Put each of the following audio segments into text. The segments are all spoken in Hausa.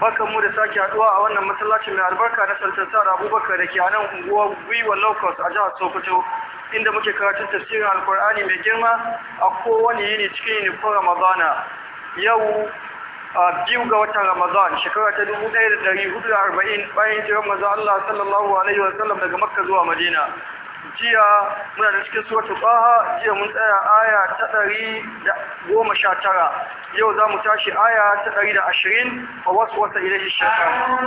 baka mu da sake haduwa a wannan masallacin mai albarka na Sultan Abubakar da ke a nan unguwar Gwiwa Locust a jihar Sokoto inda muke karatun tafsirin Alkur'ani mai girma a kowane yini cikin ko Ramadana yau a biyu ga watan Ramadan shekara ta dubu da arba'in bayan jiran maza Allah sallallahu alaihi wasallam daga Makka zuwa Madina jiya muna da cikin suratul baha jiya mun tsaya aya ta ɗari da goma sha tara yau za mu tashi aya ta ɗari da ashirin a wasu wata ilaihi shekaru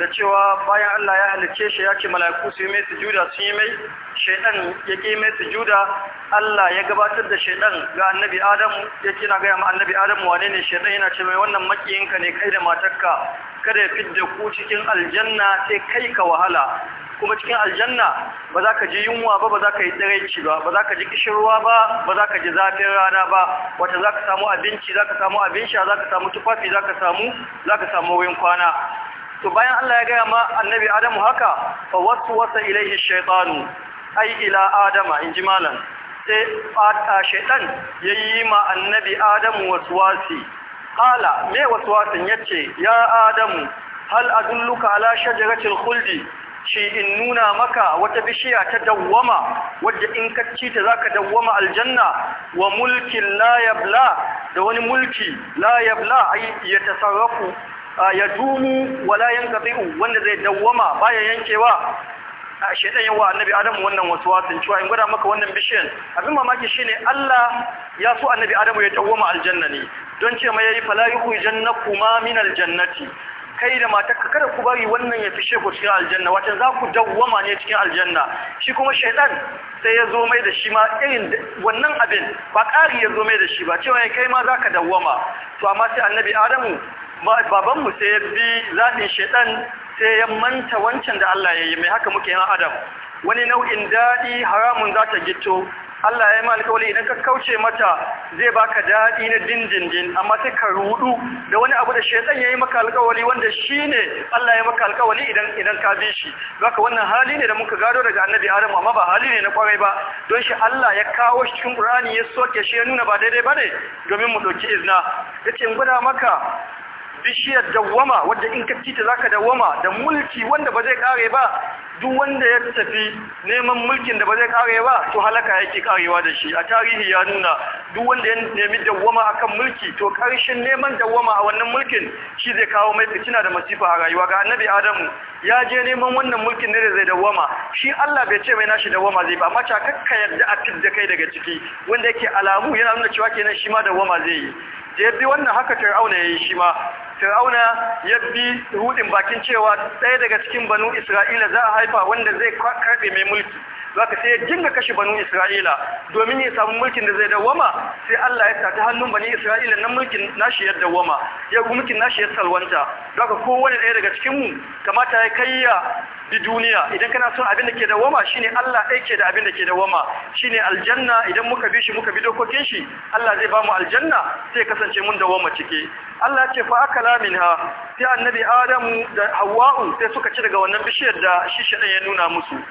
da cewa bayan Allah ya halice shi ya ce mala'iku su yi mai sujuda sun yi mai shaidan ya ƙi mai sujuda Allah ya gabatar da shaidan ga annabi Adamu ya kina gaya ma annabi Adamu wane ne shaidan yana ce mai wannan makiyinka ne kai da matarka kada ya fidda ku cikin aljanna sai kai ka wahala kuma cikin aljanna ba za ka ji yunwa ba ba za ka yi tsiraici ba ba za ka ji kishirwa ba ba za ka ji zafin rana ba wata za ka samu abinci za ka samu abin sha za ka samu tufafi za ka samu za ka samu wurin kwana to bayan Allah ya gaya ma annabi Adamu haka fa waswasa ilaihi shaitanu, ai ila adama ji malam sai fata ya yayi ma annabi Adamu waswasi qala me waswasin yace ya Adamu hal adulluka ala shajaratil khuldi shi in nuna maka wata bishiya ta dawwama wadda in ka ci ta zaka dawwama aljanna wa mulkin la yabla da wani mulki la yabla ay yatasarrafu ya dumu wala yanqati'u wanda zai dawwama baya yankewa a shedan yawa annabi adamu wannan wasu wasin cewa in gwada maka wannan bishiyan abin mamaki shine Allah ya so annabi adamu ya dawwama aljanna ne don ce mai yayi fala yukhrijannakuma min aljannati kai da matarka kada ku bari wannan ya fishe ku cikin aljanna wata za ku dawwama ne cikin aljanna shi kuma Shaiɗan sai ya zo mai da shi ma irin wannan abin ba ƙari ya zo mai da shi ba cewa ya kai ma za ka dawwama to amma sai annabi adamu babanmu sai ya bi zaɓin shaɗan sai ya manta wancan da Allah ya yi mai haka muke a adam wani nau'in daɗi haramun za ta gito Allah ya yi alƙawari idan ka kauce mata zai baka daɗi na dindindin amma sai ka rudu da wani abu da shaɗan ya yi maka alƙawari wanda shi ne Allah ya yi maka alkawali idan idan ka bi shi ka wannan hali ne da muka gado daga annabi Adam amma ba hali ne na kwarai ba don shi Allah ya kawo shi cikin ƙur'ani ya soke shi ya nuna ba daidai ba ne domin mu ɗauki izna ce in gwada maka bishiyar dawwama wadda in ka ta zaka dawwama da mulki wanda ba zai kare ba duk wanda ya tafi neman mulkin da ba zai kare ba to halaka yake karewa da shi a tarihi ya nuna duk wanda ya nemi dawwama akan mulki to karshen neman dawwama a wannan mulkin shi zai kawo mai fitina da masifa a rayuwa ga annabi adamu ya je neman wannan mulkin ne da zai dawwama shi Allah bai ce mai nashi dawwama zai ba amma ta kakka yadda a fidda kai daga ciki wanda yake alamu yana nuna cewa kenan shi ma dawwama zai yi da yadda wannan haka fir'auna ya yi shi ma fir'auna ya bi hudun bakin cewa ɗaya daga cikin banu isra'ila za a haifa wanda zai karɓe mai mulki zaka sai ya dinga kashe banu Isra'ila domin ya samu mulkin da zai dawama sai Allah ya tata hannun banu Isra'ila nan mulkin nashi ya dawama ya mulkin nashi ya salwanta zaka kowane ɗaya daga cikin mu kamata ya kayya bi duniya idan kana son abin da ke dawama shine Allah ɗaya ke da abin da ke dawama shine aljanna idan muka bi shi muka bi dokokin shi Allah zai ba mu aljanna sai kasance mun dawama ciki Allah ya ce fa akala minha sai annabi Adamu da Hawwa'u sai suka ci daga wannan bishiyar da shi shaɗan ya nuna musu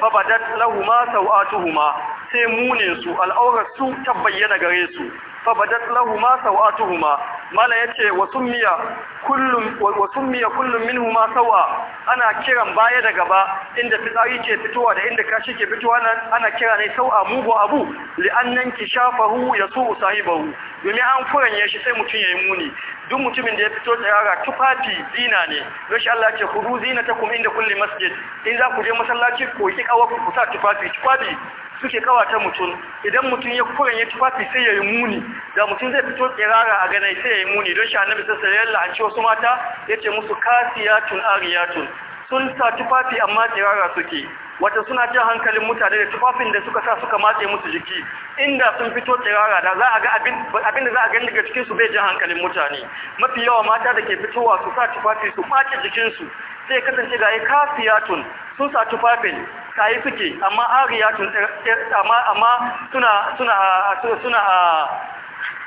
fabadat lahuma sau'atuhuma sai munin su al'aurar su ta bayyana gare su fabadat lahuma sawatuhuma mala yace wa summiya kullum wa summiya kullum minhuma sawa ana kiran baya da gaba inda fitsari ke fitowa da inda kashi ke fitowa nan ana kira ne sawa mugu abu li'annan kishafahu yasu sahibahu domin an furanye shi sai mutun yayi muni duk mutumin da ya fito yara tufafi zina ne rashi Allah ce ku zina ta kuma inda kulli masjid in za ku je masallaci ko ki kawo ku sa tufafi tufafi suke kawata mutum idan mutum ya kuren ya tufafi sai ya yi muni da mutum zai fito tsirara a ganai sai ya yi muni don shi annabi sassa yalla an ci wasu mata ya ce musu kasiyatun ariyatun sun sa tufafi amma tsirara suke wata suna jin hankalin mutane da tufafin da suka sa suka matse musu jiki inda sun fito tsirara da za a ga abin da za a gani daga cikin su bai jin hankalin mutane mafi yawa mata da ke fitowa su sa tufafi su matse jikinsu sai kasance ga ya kafiyatun sun sa tufafin kayi suke amma ariyatun eh, eh, amma suna suna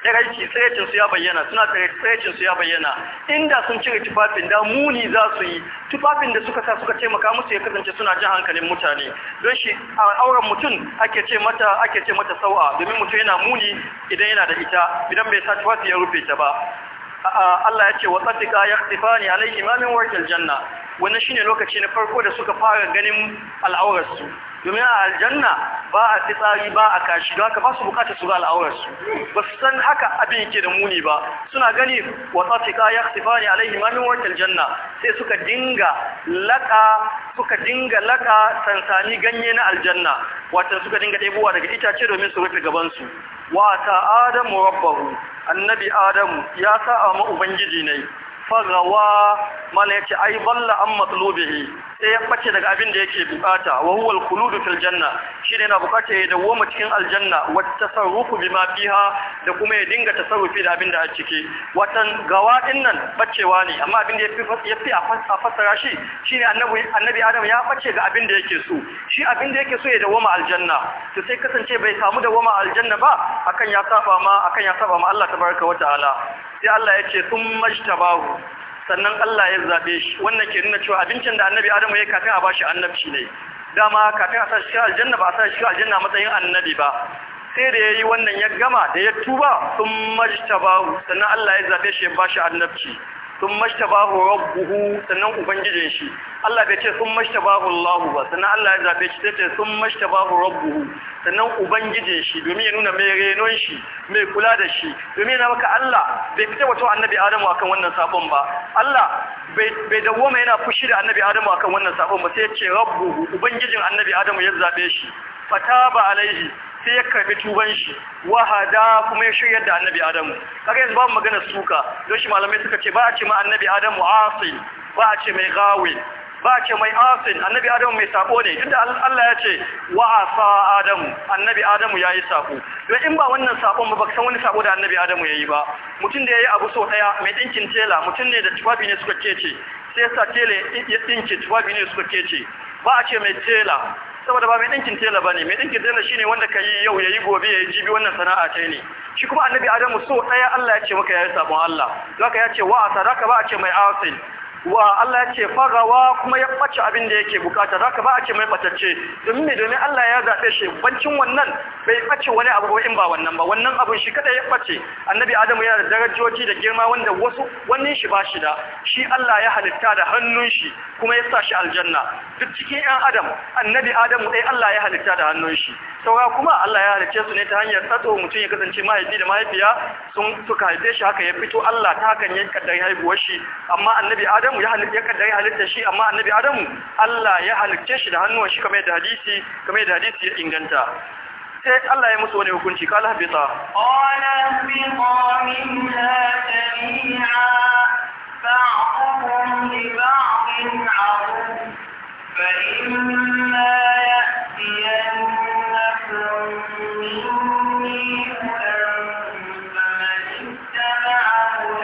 tsiraici tsiraicin su ya bayyana suna tsiraicin su ya bayyana inda sun cire tufafin da muni za su yi tufafin da suka sa suka taimaka musu ya kasance suna jin hankalin mutane don shi a auren mutum ake ce mata ake ce mata sau'a domin mutum yana muni idan yana da ita idan bai sa tufafi ya rufe ta ba Allah ya ce wa tsaddiqa yaqtifani alayhi ma min janna wannan shine lokaci na farko da suka fara ganin al'aurarsu. su domin a aljanna ba a fitsari ba a kashi don haka ba su bukata su ga al'aurar ba su san haka abin yake da muni ba suna gani wa tsaddiqa yaqtifani alayhi ma min janna sai suka dinga laka suka dinga laka sansani ganye na aljanna wato suka dinga ɗebowa daga itace domin su rufe gaban su Wata adamu rabbahu annabi adamu ya sa'a ma ubangiji ne fagawa mala yace ai balla an matlubihi sai ya bace daga abin da yake bukata wa huwa al fil janna shine yana bukata ya dawo cikin aljanna wata tasarrufu bima fiha da kuma ya dinga tasarrufi da abin da a ciki watan gawa din nan bacewa ne amma abin da ya fi a fassara shi shine annabi annabi adam ya bace ga abin da yake so shi abin da yake so ya dawo aljanna to sai kasance bai samu dawo aljanna ba akan ya saba ma akan ya saba ma Allah tabaraka wa ta'ala sai Allah ya ce sun majtabahu sannan Allah ya zabe shi wannan ke nuna cewa abincin da annabi Adamu ya kafin a bashi annabci ne dama kafin a sa shi aljanna ba a sa shi aljanna matsayin annabi ba sai da ya yi wannan ya gama da ya tuba sun majtabahu sannan Allah ya zabe shi ya bashi annabci sun mashtabahu rabbuhu sannan ubangijin shi Allah bai ce sun mashtabahu Allah ba sannan Allah ya zafe shi sai sun mashtabahu rabbuhu sannan ubangijin shi domin ya nuna mai renon shi mai kula da shi domin yana maka Allah bai fita wato annabi Adamu akan wannan sabon ba Allah bai dawoma yana fushi da annabi Adamu akan wannan sabon ba sai ya ce rabbuhu ubangijin annabi Adamu ya zabe shi fataba alaihi sai ya karbi tuban shi wahada kuma ya shirya da annabi adamu kaga yanzu babu magana suka don shi malamai suka ce ba a ce ma annabi adamu asi ba a ce mai gawi ba a ce mai asin annabi adamu mai sako ne tunda Allah ya ce wa asa adamu annabi adamu yayi sako don in ba wannan sakon ba baka san wani sako da annabi adamu yayi ba mutum da yayi abu so daya mai dinkin tela mutum ne da tufafi ne suka kece sai sa tela ya dinke tufafi ne suka kece ba a ce mai tela saboda ba mai ɗinkin tela ba ne mai ɗinkin tela shi ne wanda ka yi yau ya yi gobe ya yi jibi wannan sana'a ce ne shi kuma annabi adamu so ɗaya allah ya ce maka ya yi sabon allah za ka ya ce wa a sadaka ba a ce mai asin wa Allah ya ce fagawa kuma ya ɓace abin da yake bukata za ka ba a ce mai ɓatacce domin ne domin Allah ya zaɓe shi bancin wannan bai ɓace wani abu ba in ba wannan ba wannan abun shi kada ya ɓace annabi adamu yana da darajoji da girma wanda wasu wani shi ba shi da shi Allah ya halitta da hannun shi kuma ya sa shi aljanna duk cikin ɗan adam annabi adamu ɗai Allah ya halitta da hannun shi saura kuma Allah ya halicce su ne ta hanyar tsatso mutum ya kasance mahaifi da mahaifiya sun suka haife shi haka ya fito Allah ta hakan ya kaddar haihuwar shi amma annabi adamu adamu ya halitta ya kaddare halitta shi amma annabi adamu Allah ya halitta shi da hannuwan shi kamar da hadisi kamar da hadisi ya inganta sai Allah ya musu wani hukunci kala habita qala biqa minha jami'a ba'dukum li ba'din 'adu fa inna ya'tiyannakum minni hudan faman ittaba'a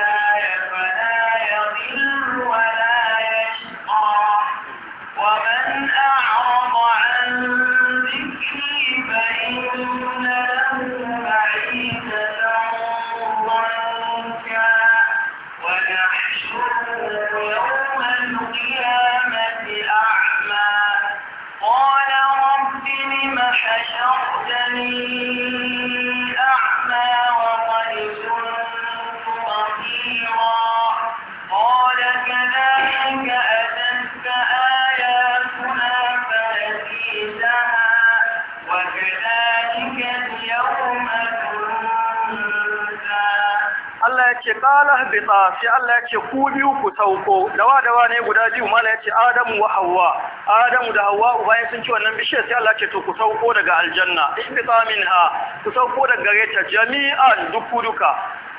Allah ya ce ku biyu ku sauko. Dawa-dawa ne guda biyu mala yace Adamu wa hawa Adamu da Hawwa bayan sun ci wannan bishiyar sai Allah ya ce to ku sauko daga aljanna ihbita minha ku sauko daga gare jami'an duku duka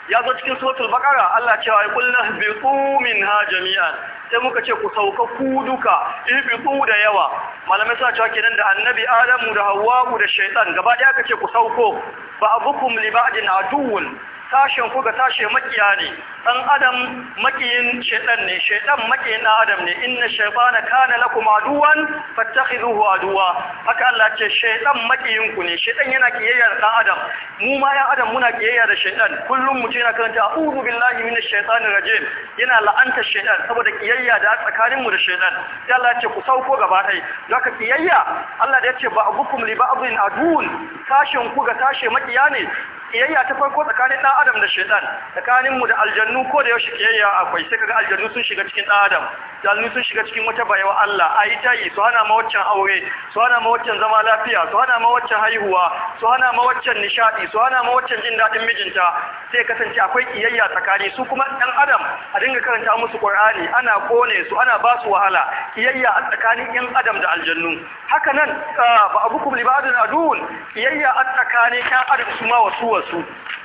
ya zo cikin suratul baqara Allah cewa ya kullu biqu minha jami'an sai muka ce ku sauka ku duka ibiqu da yawa malamai suna cewa kenan da annabi Adamu da hawa da shaytan gaba daya kace ce ku sauko Ba abukum li ba'din aduwwun sashen ku ga tashe makiya ne dan adam makiyin shaiɗan ne Shaiɗan makiyin dan adam ne inna shaytana kana lakum aduwan fattakhiduhu aduwa haka Allah ce shaytan makiyin ku ne shaytan yana kiyayya da dan adam mu ma ya adam muna kiyayya da shaiɗan. kullum mu ce na karanta a'udhu billahi minash shaitanir rajim yana la'anta shaytan saboda kiyayya da tsakanin mu da shaiɗan. sai Allah ce ku sauko gaba dai zaka kiyayya Allah da yace ba'dukum li ba'din adun sashen ku ga sashe makiya ne kiyayya ta farko tsakanin ɗan adam da shaitan tsakanin mu da aljannu ko da yaushe kiyayya akwai sai kaga aljannu sun shiga cikin ɗan adam aljannu sun shiga cikin wata bayawa Allah ayi tayi su hana ma waccan aure su hana ma waccan zama lafiya su hana ma waccan haihuwa su hana ma waccan nishadi su hana ma waccan jin dadin mijinta sai kasance akwai kiyayya tsakani su kuma ɗan adam a dinga karanta musu Qur'ani ana kone su ana ba su wahala kiyayya a tsakanin ɗan adam da aljannu haka nan ah, ba abukum libadun adun kiyayya a tsakanin ɗan adam su ma wasu そ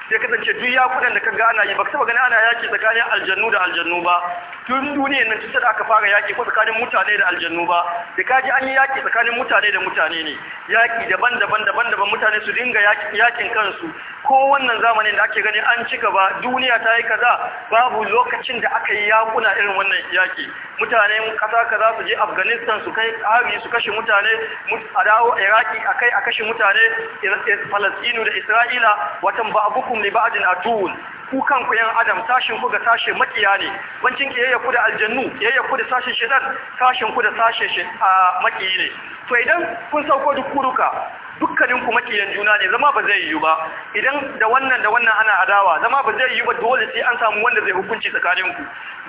sai kasance duk yakunan da ga ana yi ba taba gani ana yaki tsakanin aljannu da aljannu ba tun duniya nan tun da aka fara yaki ko tsakanin mutane da aljannu ba da kaji an yi yaki tsakanin mutane da mutane ne yaki daban-daban daban-daban mutane su dinga yakin kansu ko wannan zamanin da ake gani an cika ba duniya ta yi kaza babu lokacin da aka yi yakuna irin wannan yaki mutane kasa kaza su je afghanistan su kai ari su kashe mutane a dawo iraki a kai a kashe mutane Falasɗinu da isra'ila watan ba abuku ba'dukum li ba'din atuwun ku kanku yan adam tashin ku ga sashe makiya ne wancin ki ku da aljannu yayyaku da tashin shedan tashin ku da sashe a makiyi ne to idan kun sauko duk kuruka dukkanin ku makiyan juna ne zama ba zai yiwu ba idan da wannan da wannan ana adawa zama ba zai yiwu ba dole sai an samu wanda zai hukunci tsakanin ku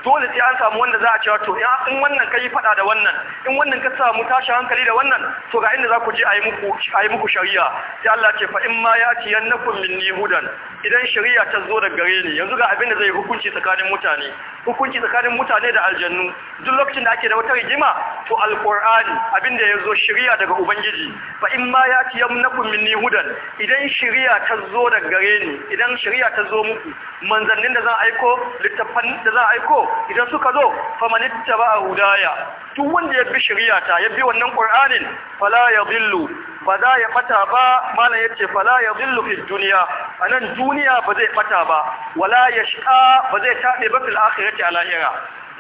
dole sai an samu wanda za a cewa to in wannan kai fada da wannan in wannan ka samu tashi hankali da wannan to ga inda za ku je a yi muku a muku shari'a sai Allah ce fa in ma ya ci yannakum minni hudan idan shari'a ta zo daga gare ni yanzu ga abin da zai hukunci tsakanin mutane hukunci tsakanin mutane da aljannu duk lokacin da ake da wata rigima to alqur'ani abin da zo shari'a daga ubangiji fa in ma ya ci yamnakum minni hudan idan shari'a ta zo daga gare ni idan shari'a ta zo muku manzannin da a aiko littafan da a aiko idan suka zo famanittaba hudaya duk wanda ya bi shari'a ta ya bi wannan qur'anin fala yadhillu ba za ya fata ba malam yace fala yadhillu fi dunya anan duniya ba zai fata ba wala yashqa ba zai tabe ba fil akhirati a lahira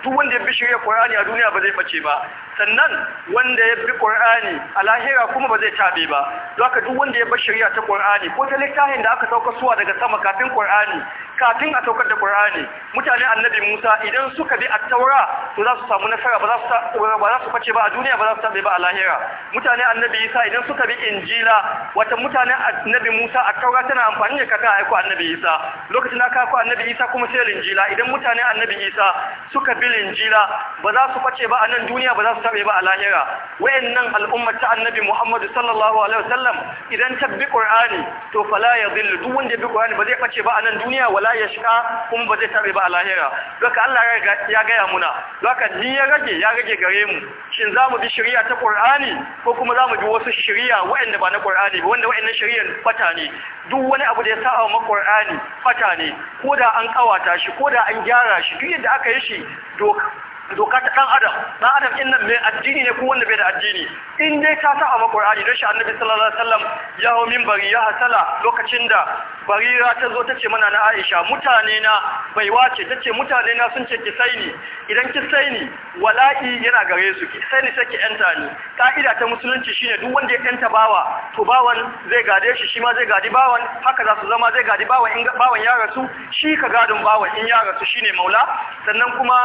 duk wanda ya bi shirya Qur'ani a duniya ba zai bace ba sannan wanda ya bi Qur'ani a lahira kuma ba zai tabe ba don duk wanda ya bi shirya ta Qur'ani ko ta littafin da aka sauka suwa daga sama kafin Qur'ani kafin a saukar da kur'ani mutane annabi Musa idan suka bi a taura to za su samu nasara ba za su ba ba a duniya ba za su tabe ba a lahira mutane annabi Isa idan suka bi Injila wata mutane annabi Musa a taura tana amfani da kafin aiko annabi Isa lokacin da aka aiko annabi Isa kuma sai Injila idan mutane annabi Isa suka bi fil jira ba za su face ba a nan duniya ba za su tabe ba a lahira wayannan al'umma ta annabi Muhammad sallallahu alaihi wasallam idan ta bi ƙur'ani to fala yadhillu duk wanda bi ƙur'ani ba zai face ba a nan duniya wala shiga kuma ba zai tabe ba a lahira ka Allah ya gaya muna ka ni ya rage ya rage gare mu shin za mu bi shari'a ta ƙur'ani? ko kuma za mu bi wasu shari'a wayanda ba na ƙur'ani? ba wanda wayannan shari'ar fata ne duk wani abu da ya sa'a ma ƙur'ani fata ne ko da an kawata shi ko da an gyara shi duk yadda aka yi shi doka doka ta dan adam dan adam din nan mai addini ne ko wanda bai da addini in dai ka sa a Qur'ani don shi Annabi sallallahu alaihi wasallam ya hau min bari ya hasala lokacin da barira ta zo tace mana na Aisha mutane na bai wace tace mutane na sun ce ki sai ni, idan ki sai ni wala'i yana gare su ki sai ki enta ni ka'ida ta musulunci shine duk wanda ya enta bawa to bawan zai gade shi shi ma zai gadi bawan haka za su zama zai gadi bawan in bawan ya rasu shi ka gadin bawan in ya rasu shine maula sannan kuma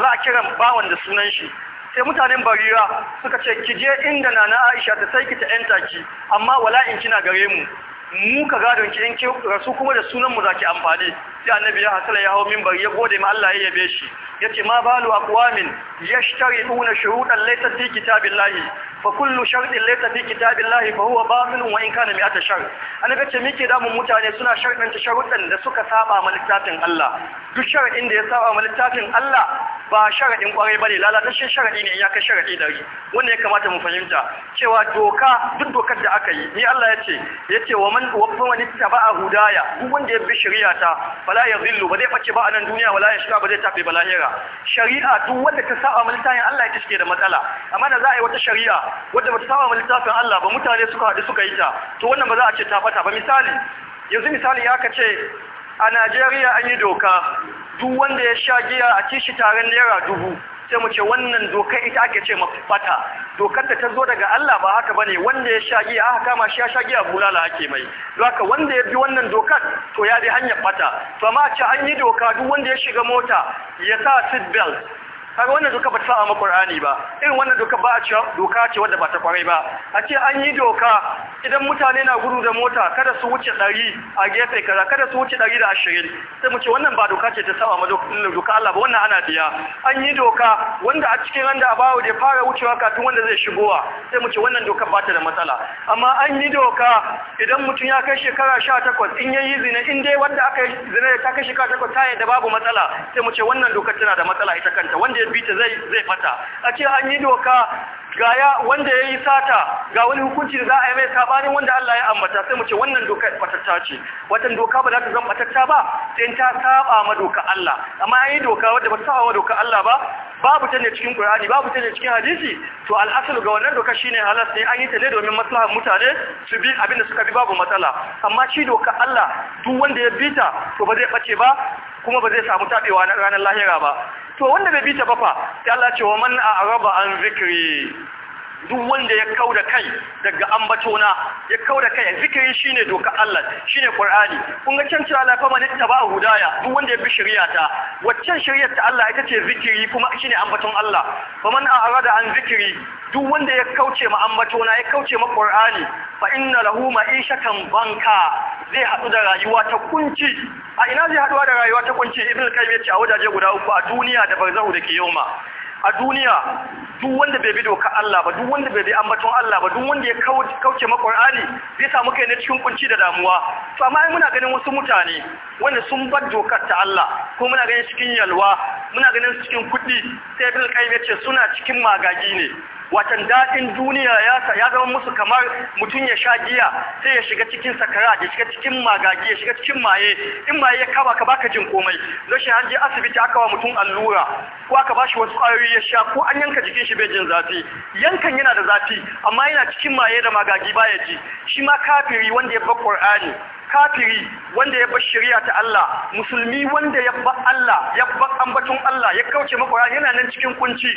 za a kiran bawan da sunan shi sai mutanen barira suka ce ki je inda nana aisha ta sai ta yanta ki amma in kina gare mu mu ka gadon ki in ki rasu kuma da sunan mu zaki amfani sai annabi ya hasala ya hawo mimbar ya gode ma Allah ya yabe shi yace ma balu aqwamin yashtari'una shurutan laysa fi kitabillahi fa kullu shartin laysa fi kitabillahi fa huwa batilun wa in kana mi'ata shar annabi ce muke da mutane suna shartan ta sharutan da suka saba ma littafin Allah duk sharadin da ya saba ma littafin Allah ba sharadin kwarai bane lalatashin sharadi ne ya kai sharaɗi dari wanda ya kamata mu fahimta cewa doka duk dokar da aka yi ni Allah ya ce wa man wa man ittaba'a hudaya duk wanda ya bi shari'a ta wala ya zillu ba zai face ba a nan duniya wala ya shiga ba zai tafi ba lahira shari'a duk wanda ta saba mu littafin Allah ita take da matsala amma da za a yi wata shari'a wanda ba ta saba mu littafin Allah ba mutane suka haɗu suka yi ta to wannan ba za a ce ta fata ba misali yanzu misali ya ka ce a Najeriya an yi doka duk wanda ya sha giya a kishi taron naira dubu sai mu ce wannan dokar ita ake ce mafata dokar da ta zo daga Allah ba haka bane wanda ya sha giya aka kama shi ya sha giya bulala ake mai don haka wanda ya bi wannan dokar to ya bi hanyar bata to ma ce an yi doka duk wanda ya shiga mota ya sa seat belt kaga wannan doka ba ta sa mu Qur'ani ba irin wannan doka ba a cewa doka ce wadda ba ta kware ba a ce an yi doka idan mutane na gudu da mota kada su wuce 100 a gefe kaza kada su wuce 120 sai mu ce wannan ba doka ce ta sa mu doka Allah ba wannan ana biya an yi doka wanda a cikin randa a bawo da fara wucewa kafin wanda zai shigowa sai mu ce wannan doka ba ta da matsala amma an yi doka idan mutum ya kai shekara 18 in yayi zina in dai wanda aka zina ta kai shekara 18 ta yadda babu matsala sai mu ce wannan doka tana da matsala ita kanta wanda zai bi ta zai fata a ce an yi doka ga ya wanda ya yi sata ga wani hukunci da za a yi mai sabanin wanda Allah ya ambata sai mu ce wannan doka batatta ce watan doka ba za ta zama batatta ba sai ta saba ma doka Allah amma ai doka wanda ba ta saba ma doka Allah ba babu ta ne cikin Qur'ani babu ta ne cikin hadisi to al'asul ga wannan doka shine halas ne an yi ta ne domin maslahar mutane su bi abin da suka bi babu matsala amma shi doka Allah duk wanda ya bi ta to ba zai bace ba kuma ba zai samu tabewa na ranar lahira ba to wanda bai bi ta ba fa sai Allah ce wa man a'raba an zikri duk wanda ya kauda kai daga ambatona ya kauda kai zikiri shine doka Allah shine Qur'ani kun ga can cewa la fa man ittaba hudaya duk wanda ya bi shari'ata waccan shari'ar ta Allah ita ce zikiri kuma shine ambaton Allah fa man arada an zikiri duk wanda ya kauce ma ambatona ya kauce ma Qur'ani fa inna lahu ma'ishatan banka zai hadu da rayuwa ta kunci a ina zai haduwa da rayuwa ta kunci ibn qayyim ya ce a wajaje guda uku a duniya da barzahu da kiyama a duniya duk wanda bai bi doka Allah ba duk wanda bai bi ambaton Allah ba duk wanda ya kauce ma Qur'ani zai samu kai ne cikin kunci da damuwa to amma muna ganin wasu mutane wanda sun bar dokar ta Allah ko muna ganin cikin yalwa muna ganin cikin kuɗi sai bil kai ce suna cikin magagi ne watan daɗin duniya ya zama musu kamar mutum ya sha giya sai ya shiga cikin sakara ya shiga cikin magagi ya shiga cikin maye in maye ya kaba ka baka jin komai zai shi an asibiti aka wa mutum allura ko aka bashi wasu ƙwayoyi ya sha ko an yanka jikin shi bai jin zafi yankan yana da zafi amma yana cikin maye da magagi baya ji shi ma kafiri wanda ya bar Qur'ani kafiri wanda ya bar shari'a ta Allah musulmi wanda ya bar Allah ya bar ambaton Allah ya kauce makwara yana nan cikin kunci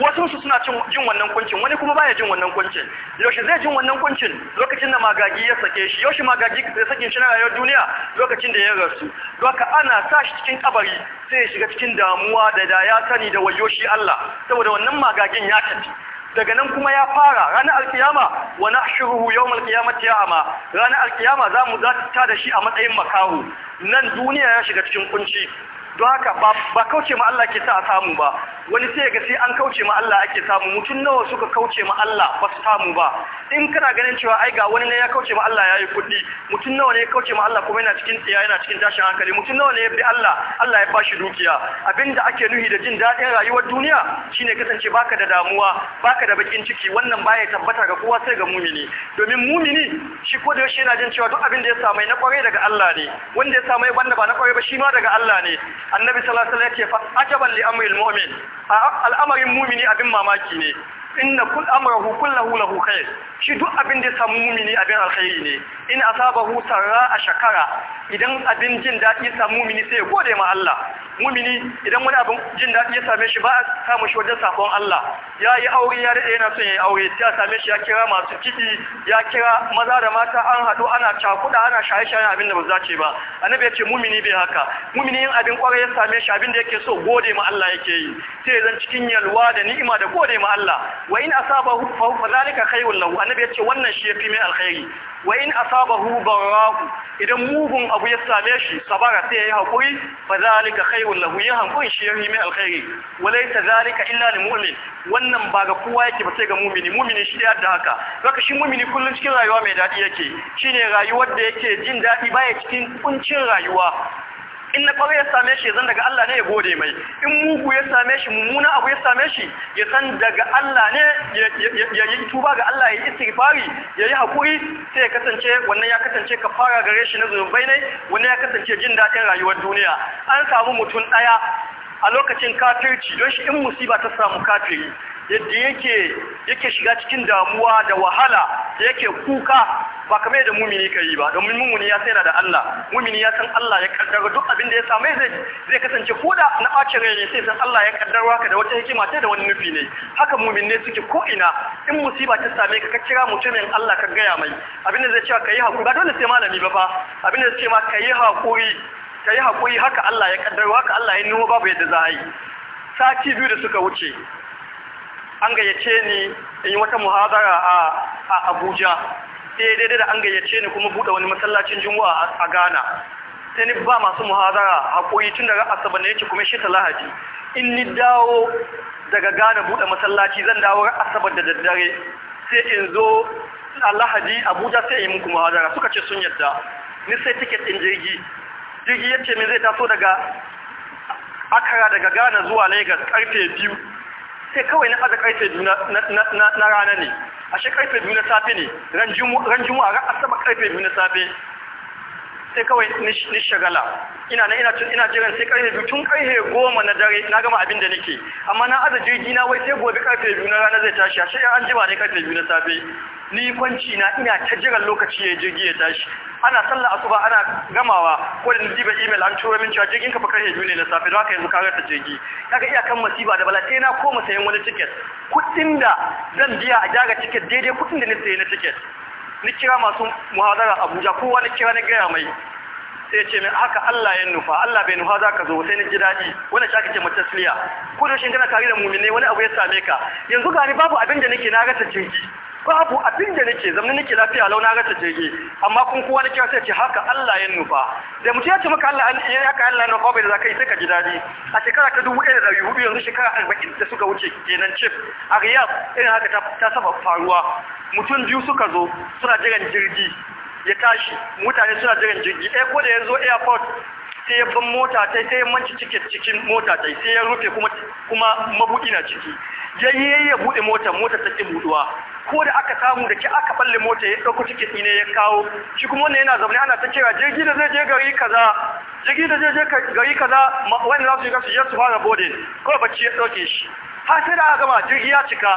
wasu su suna jin wannan kuncin wani kuma baya jin wannan kuncin yaushe zai jin wannan kuncin lokacin da magagi ya sake shi yaushe magagi ya sake shi na rayuwar duniya lokacin da ya rasu doka ana sa shi cikin kabari sai ya shiga cikin damuwa da da ya sani da wayo Allah saboda wannan magagin ya tafi daga nan kuma ya fara ranar alkiyama wa na nahshuruhu yawm alqiyamati Rana ranar alkiyama mu zata ta da shi a matsayin makahu nan duniya ya shiga cikin kunci don haka ba kauce ma Allah ke sa a samu ba wani sai ga sai an kauce ma Allah ake samu mutum nawa suka kauce ma Allah ba su samu ba in kana ganin cewa ai ga wani ne ya kauce ma Allah yayi kuɗi mutum nawa ne ya kauce ma Allah kuma yana cikin tsiya yana cikin tashin hankali mutum nawa ne ya bi Allah Allah ya bashi dukiya abinda ake nuhi da jin daɗin rayuwar duniya shine kasance baka da damuwa baka da bakin ciki wannan baya tabbata ga kowa sai ga mumini domin mumini shi ko da yana jin cewa duk abinda ya samu na kwarai daga Allah ne wanda ya samu banda ba na kwarai ba shi ma daga Allah ne annabi sallallahu alaihi wasallam ya ce fa ajaban li amril mu'min al'amarin mu'mini abin mamaki ne inna kul amrahu kullahu lahu khair shi duk abin da ya samu mumini abin alkhairi ne in asabahu sarra a shakara idan abin jin daɗi ya samu mumini sai ya gode ma Allah mumini idan wani abin jin daɗi ya same shi ba a samu shi wajen sakon Allah ya yi aure ya dade yana son ya yi aure ya same shi ya kira masu ciki ya kira maza da mata an haɗu ana cakuɗa ana shaye shaye abin da ba za ce ba annabi ya ce mumini bai haka mumini yin abin kwarai ya same shi abin da yake so gode ma Allah yake yi sai zan cikin yalwa da ni'ima da gode ma Allah wa in asabahu fa zalika khairul lahu annabi yace wannan shi yafi mai alkhairi wa in asabahu barahu idan mugun abu ya same shi sabara sai yayi hakuri fa zalika khairul lahu yin hankuri shi yafi mai alkhairi walaysa zalika illa lil mu'min wannan ba ga kowa yake ba sai ga mu'mini mu'mini shi da haka zaka shi mu'mini kullun cikin rayuwa mai dadi yake shine rayuwar da yake jin dadi baya cikin kuncin rayuwa in na kawai ya same shi zan daga Allah ne ya gode mai in mugu ya same shi mummuna abu ya same shi ya san daga Allah ne ya yi tuba ga Allah ya yi istighfari ya yi haƙuri sai ya kasance wannan ya kasance kafara gare shi na zunubai ne wannan ya kasance jin daɗin rayuwar duniya an samu mutum ɗaya a lokacin kafirci don shi in musiba ta samu kafiri yadda yake yake shiga cikin damuwa da wahala yake kuka ba kamar yadda mumini ka yi ba domin mumini ya tsira da Allah mumini ya san Allah ya kaddara duk abin da ya same zai zai kasance koda na ɓace rai ne sai san Allah ya kaddara ka da wata hikima ta da wani nufi ne haka mumini suke ko ina in musiba ta same ka ka kira mutumin Allah ka gaya mai abin da zai ce ka yi hakuri ba dole sai malami ba fa abin da zai ce ma ka yi hakuri ka yi hakuri haka Allah ya kaddara haka Allah ya nuno babu yadda za a yi sati biyu da suka wuce an gayyace ni in yi wata muhazara a Abuja sai daidai da an gayyace ni kuma buɗe wani masallacin Juma'a a Ghana sai ni ba masu muhadara haƙoƙi tun daga Asaba ne yake kuma shi ta Lahadi in ni dawo daga Ghana buɗe masallaci zan dawo Asaba da daddare sai in zo a Lahadi Abuja sai in muku muhadara suka ce sun yarda. ni sai tiket ɗin jirgi jirgi yace min zai taso daga Akara daga Ghana zuwa Lagos karfe biyu sai kawai na aza karfe biyu na rana ne a shi karfe biyu na safe ne ran juma'a ran asabar karfe biyu na safe sai kawai ni shagala ina na ina ina jiran sai karfe biyu tun karfe goma na dare na gama abin da nake amma na aza jirgi na wai sai gobe karfe biyu na rana zai tashi ashe an jima ne karfe biyu na safe ni kwanci na ina ta jiran lokaci ya jirgi ya tashi ana sallah asuba ana gamawa ko da ba email an turo min cewa jirgin ka fa karfe biyu ne na safe don haka yanzu ka rasa jirgi kaga iyakan masiba da bala sai na koma sayan wani ticket kuɗin da zan biya a jaga ticket daidai kuɗin da na sayi na ticket ni kira masu muhadara Abuja kowa ni kira ni gaya mai sai ce min haka Allah ya nufa Allah bai nufa zaka zo sai ni ji daɗi wanda shi ake ce tasliya ko da shin kana tare da mu'mine wani abu ya same ka yanzu gani babu abin da nake na rasa jirgi babu abin da nake zamani nake lafiya launa na rasa jirgi amma kun kowa nake sai ce haka Allah ya nufa da mutum ya ce maka Allah ya haka Allah na kwabai da zaka yi sai ka ji daɗi. a shekara ta dubu ɗaya da ɗari hudu yanzu shekara arba'in da suka wuce kenan cif a riyab irin haka ta saba faruwa mutum biyu suka zo suna jiran jirgi ya tashi mutane suna jiran jirgi ɗaya ko da ya zo airport sai ya ban mota ta sai ya manci cikin mota ta sai ya rufe kuma kuma mabudi na ciki yayi ya bude mota mota ta ki buduwa ko da aka samu da ke aka balle mota ya ɗauko tiketi ne ya kawo shi kuma wannan yana zaune ana ta cewa jirgi da zai je gari kaza jirgi da zai je gari kaza wani za su yi kasu yasu su fara bode, ko bacci ya ɗauke shi har sai da aka gama jirgi ya cika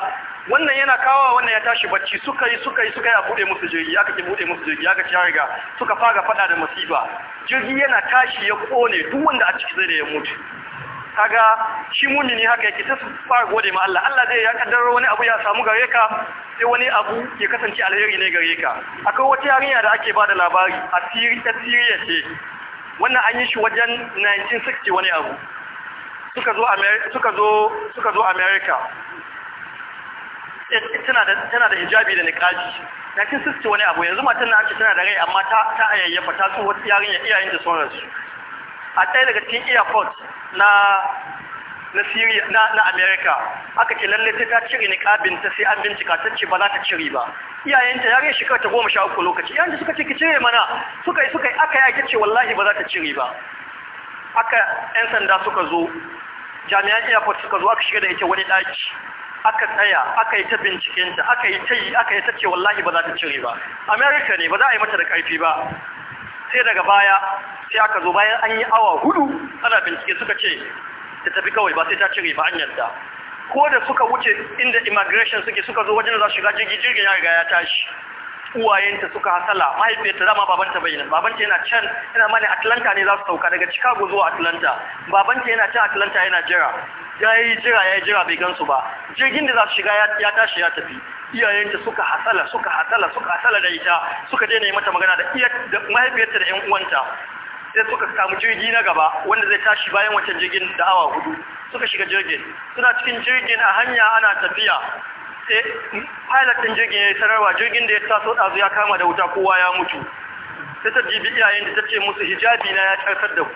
wannan yana kawo wannan ya tashi bacci suka yi suka yi suka yi a buɗe musu jirgi aka ke buɗe musu jirgi aka ci riga suka fara faɗa da masifa jirgi yana tashi ya ƙone duk wanda a ciki zai da ya mutu kaga shi mumini haka yake ta fara gode ma Allah Allah zai ya kaddara wani abu ya samu gare ka sai wani abu ya kasance alheri ne gare ka akwai wata yarinya da ake bada labari a Syria ce wannan an yi shi wajen 1960 wani abu suka zo Amerika. suka zo suka zo America eh, tana da tana da hijabi da niqabi lakin wani abu yanzu matan na ake tana da rai amma ta ta ayayyafa ta so wata yarinya iyayen da sauransu a ɗaya daga cikin airport na na Syria na na America aka ce lalle sai ta cire niqabin ta sai an bincika ta ce ba za ta cire ba iyayenta yare shekara ta goma sha uku lokaci iyayenta suka ce ki cire mana suka yi suka yi aka yake ce wallahi ba za ta cire ba aka yan sanda suka zo jami'an airport suka zo aka shiga da ita wani daki aka tsaya aka yi ta bincikenta, aka yi ta yi aka yi ta ce wallahi ba za ta cire ba america ne ba za a yi mata da karfi ba sai daga baya sai aka zo bayan an yi awa hudu ana bincike suka ce ta tafi kawai ba sai ta cire ba an yarda ko da suka wuce inda immigration suke suka zo wajen za su shiga jirgi jirgin ya riga ya tashi uwayenta suka hasala mahaifiyarta dama babanta bai nan babanta yana can yana mani atlanta ne za su sauka daga chicago zuwa atlanta babanta yana can atlanta yana jira ya yi jira ya yi jira bai gansu ba jirgin da za su shiga ya tashi ya tafi iyayenta suka hasala suka hasala suka hasala da ita suka daina yi mata magana da mahaifiyarta da yan uwanta sai suka samu jirgi na gaba wanda zai tashi bayan wancan jirgin da awa hudu suka shiga jirgin suna cikin jirgin a hanya ana tafiya halattun jirgin ya yi sanarwa jirgin da ya taso ɗazu ya kama da wuta kowa ya mutu ta ta jibi iyayen da ta ce musu hijabi na ya tsartar da ku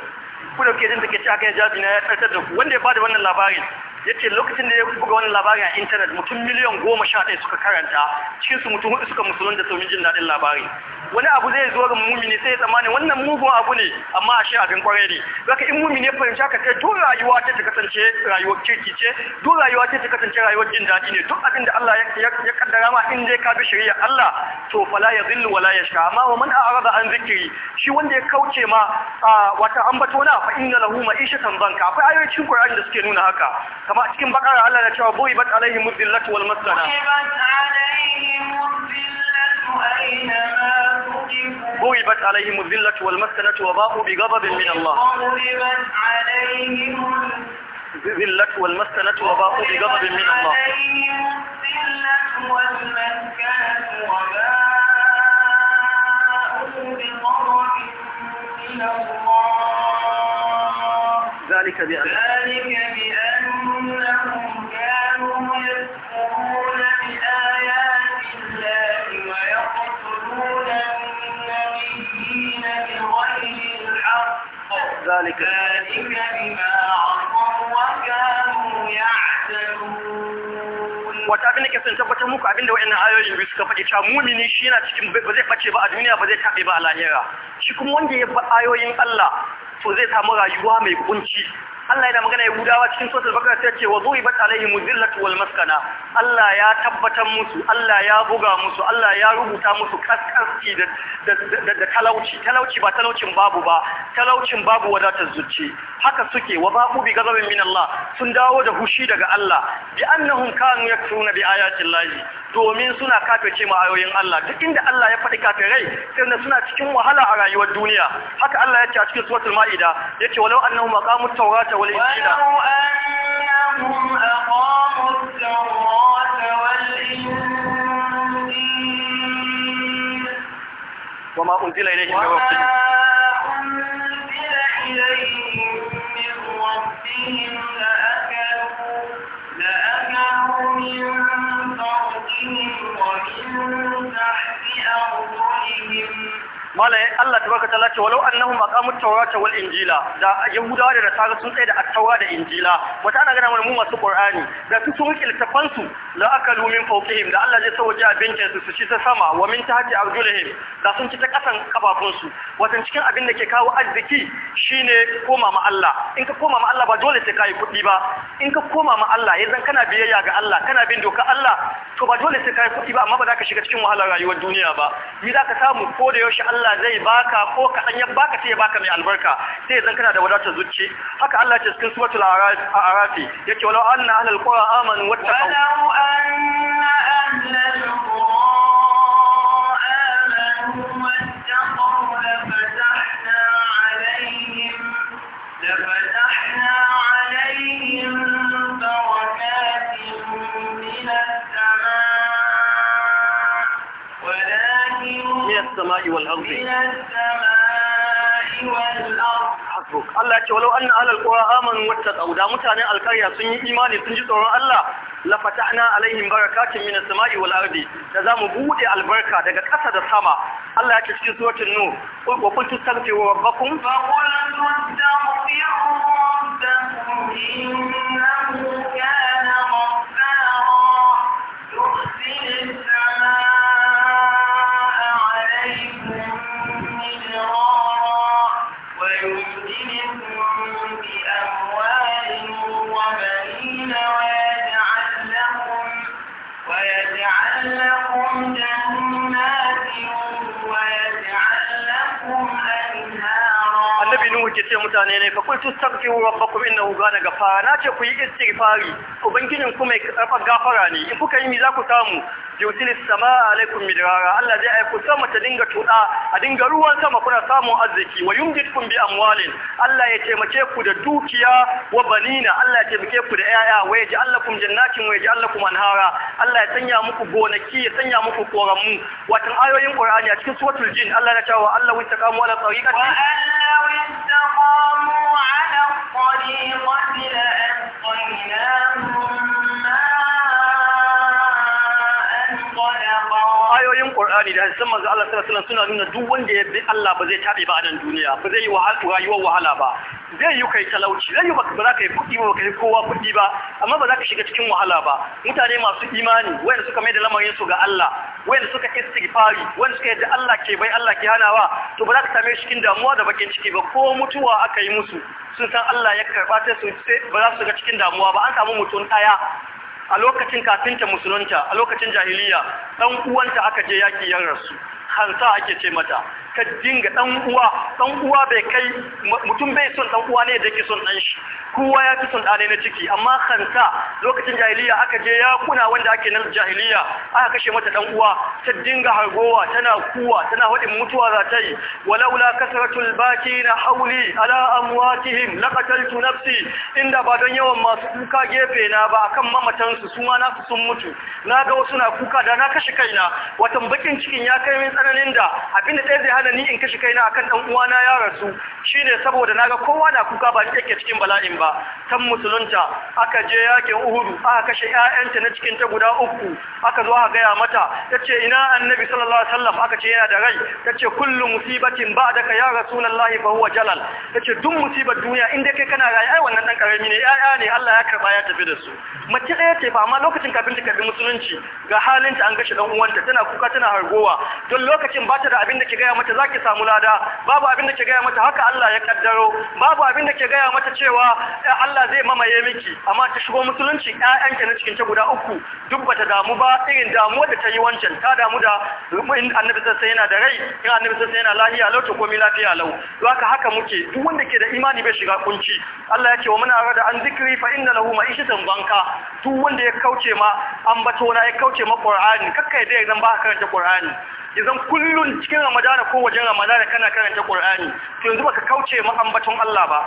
ku da ke jin ci aka hijabi na ya tsartar da ku wanda ya da wannan labarin yace lokacin da ya buga wani labarin a intanet mutum miliyan goma sha ɗaya suka karanta cikin su mutum hudu suka musulun da saurin jin daɗin labari wani abu zai zo ga mumini sai ya tsammani wannan mugun abu ne amma a shi abin kwarai ne zaka in mumini ya fahimci haka kai duk rayuwa ce ta kasance rayuwar kirki ce duk rayuwa ce ta kasance rayuwar jin daɗi ne duk abin da Allah ya kaddara ma in dai ka bi shari'a Allah to fala ya zillu wala yashka amma wa man a'rada an zikiri shi wanda ya kauce ma wata ambato na fa inna lahu ma'ishatan banka akwai ayoyin Qur'ani da suke nuna haka kama a cikin bakara Allah na cewa boyi bat alaihim mudillatu wal maskana ضربت عليهم الذلة والمسكنة وباءوا بغضب من الله ضربت عليهم الذلة والمسكنة وباقوا بغضب من الله ذلك بأن ذلك بأن ذلك ذلك بما عصوا wata abin da ke son tabbatar muku abinda da wa'annan ayoyin biyu suka faɗi cewa mumini shi yana cikin ba zai face ba a duniya ba zai taɓe ba a lahira shi kuma wanda ya ba ayoyin Allah to zai samu rayuwa mai kunci Allah yana magana ya gudawa cikin suratul baqara sai ce wa zuibat alaihim dhillatu wal maskana Allah ya tabbatar musu Allah ya buga musu Allah ya rubuta musu kaskanci da da talauci talauci ba talaucin babu ba talaucin babu wadatar zuci haka suke wa babu bi gazabin min Allah sun dawo da hushi daga Allah bi annahum kanu yakfuruna bi ayatin lahi domin suna kafirce ma ayoyin Allah duk inda Allah ya faɗi kafirai sai suna cikin wahala a rayuwar duniya haka Allah ya ce a cikin suratul maida yace walau annahum aqamut tawrata والإنجيل ولو أنهم أقاموا التوراة وما أنزل إليهم من ربهم malai Allah tabaraka ta'ala ce walau annahum aqamu at-taurata wal injila da yahudawa da nasara sun tsaya da at da injila wata ana gana mu masu qur'ani da su sun kiltafan su la akalu min fawqihim da Allah zai sauke abincin su su ci ta sama wa min tahti arjulihim da sun ci ta kasan kafafun su watan cikin abin da ke kawo arziki shine koma ma Allah in ka koma ma Allah ba dole sai kai kuɗi ba in ka koma ma Allah yanzu kana biyayya ga Allah kana bin doka Allah to ba dole sai kai kuɗi ba amma ba za ka shiga cikin wahalar rayuwar duniya ba ni za ka samu ko da yaushe Allah Allah zai baka ko kaɗan ya baka sai ya baka mai albarka sai zan kana da wadatar zuci haka Allah ce cikin suratul arafi yake walau anna ahlul qura amanu wattaqu walau anna ahlul لفنى السماء والأرض Allah السماء والأرض حسبك الله يقول ولو أن أهل القرى آمنوا واتقوا دا متاني القرية سنجي إيماني سنجي تورو الله lafata'na alaihim barakatin minas sama'i wal ardi da zamu bude albarka daga ƙasa da sama Allah ce cikin suratul nur wa qul tastaghfiru rabbakum fa qul tastaghfiru rabbakum ce mutane ne fa kul tastaghfiru rabbakum innahu kana ghafara na ce ku yi istighfari ubangijin ku mai karfa gafara ne in kuka yi mi za ku samu yusil samaa alaikum midara Allah zai aiko sama ta dinga tuda a dinga ruwan sama kuna samun arziki wa yumditkum bi amwalin Allah ya taimake ku da dukiya wa banina Allah ya taimake ku da yaya wa yaji allakum jannatin wa yaji allakum anhara Allah ya sanya muku gonaki ya sanya muku koramu watan ayoyin Qur'ani a cikin suratul jin Allah ya ce Allah wa taqamu ala tariqati طريقة لأسقيناهم ayoyin Qur'ani da hadisan manzo Allah sallallahu alaihi suna nuna duk wanda ya bi Allah ba zai tabe ba a nan duniya ba zai yi rayuwar wahala ba zai yi kai talauci zai yi ba za ka yi kuɗi ba ka yi kowa kuɗi ba amma ba za ka shiga cikin wahala ba mutane masu imani wayanda suka mai da lamarin su ga Allah wayanda suka istighfari wayanda suka yadda Allah ke bai Allah ke hanawa to ba za ka same shi cikin damuwa da bakin ciki ba ko mutuwa aka yi musu sun san Allah ya karba ta su ba za su ga cikin damuwa ba an samu mutum ɗaya a lokacin kafinta musulunta a lokacin jahiliya ɗan uwanta aka je yaƙi yan rasu hansa ake ce mata ka dinga dan uwa dan uwa bai kai mutum bai son dan uwa ne da yake son dan shi kowa ya fi son dane na ciki amma khanta lokacin jahiliya aka je ya kuna wanda ake nan jahiliya aka kashe mata dan uwa ta dinga hargowa tana kuwa tana hadin mutuwa za ta yi walaula kasratul bakina hauli ala amwatihim laqataltu nafsi inda ba don yawan masu kuka gefe na ba akan mamatan su su ma na sun mutu na ga wasu na kuka da na kashe kaina watan bakin cikin ya kai min tsananin da abinda ɗaya zai hana da ni in kashe kaina akan dan uwana ya rasu shine saboda naga kowa na kuka ba ni yake cikin bala'in ba tan musulunta aka je yakin uhudu aka kashe ƴaƴanta na cikin ta guda uku aka zo aka gaya mata tace ina annabi sallallahu alaihi wasallam aka ce yana da rai tace kullu musibatin ba'daka ya rasulullahi fa huwa jalal tace duk musibar duniya inda kai kana rayu ai wannan dan karami ne ƴaƴa ne Allah ya karba ya tafi da su mace ɗaya ce ba amma lokacin kafin ta karbi musulunci ga halin ta an kashe dan uwanta tana kuka tana hargowa don lokacin ba ta da abin da ke gaya mata Za ki samu lada babu abin da ke gaya mata haka Allah ya kaddaro babu abin da ke gaya mata cewa Allah zai mamaye miki amma ta shigo musulunci ki na cikin ta guda uku duk bata damu ba irin damuwa da ta yi wancan ta damu da annabi sai yana da rai in annabi sai yana lafiya lau to komai lafiya lau haka haka muke duk wanda ke da imani bai shiga kunci Allah ya ce wa muna rada an zikri fa inna lahu ma'ishatan banka duk wanda ya kauce ma ambato na ya kauce ma Qur'ani kakkai dai nan ba ka karanta Qur'ani idan kullum cikin ramadana ko wajen ramadana kana karanta qur'ani to yanzu baka kauce ma Allah ba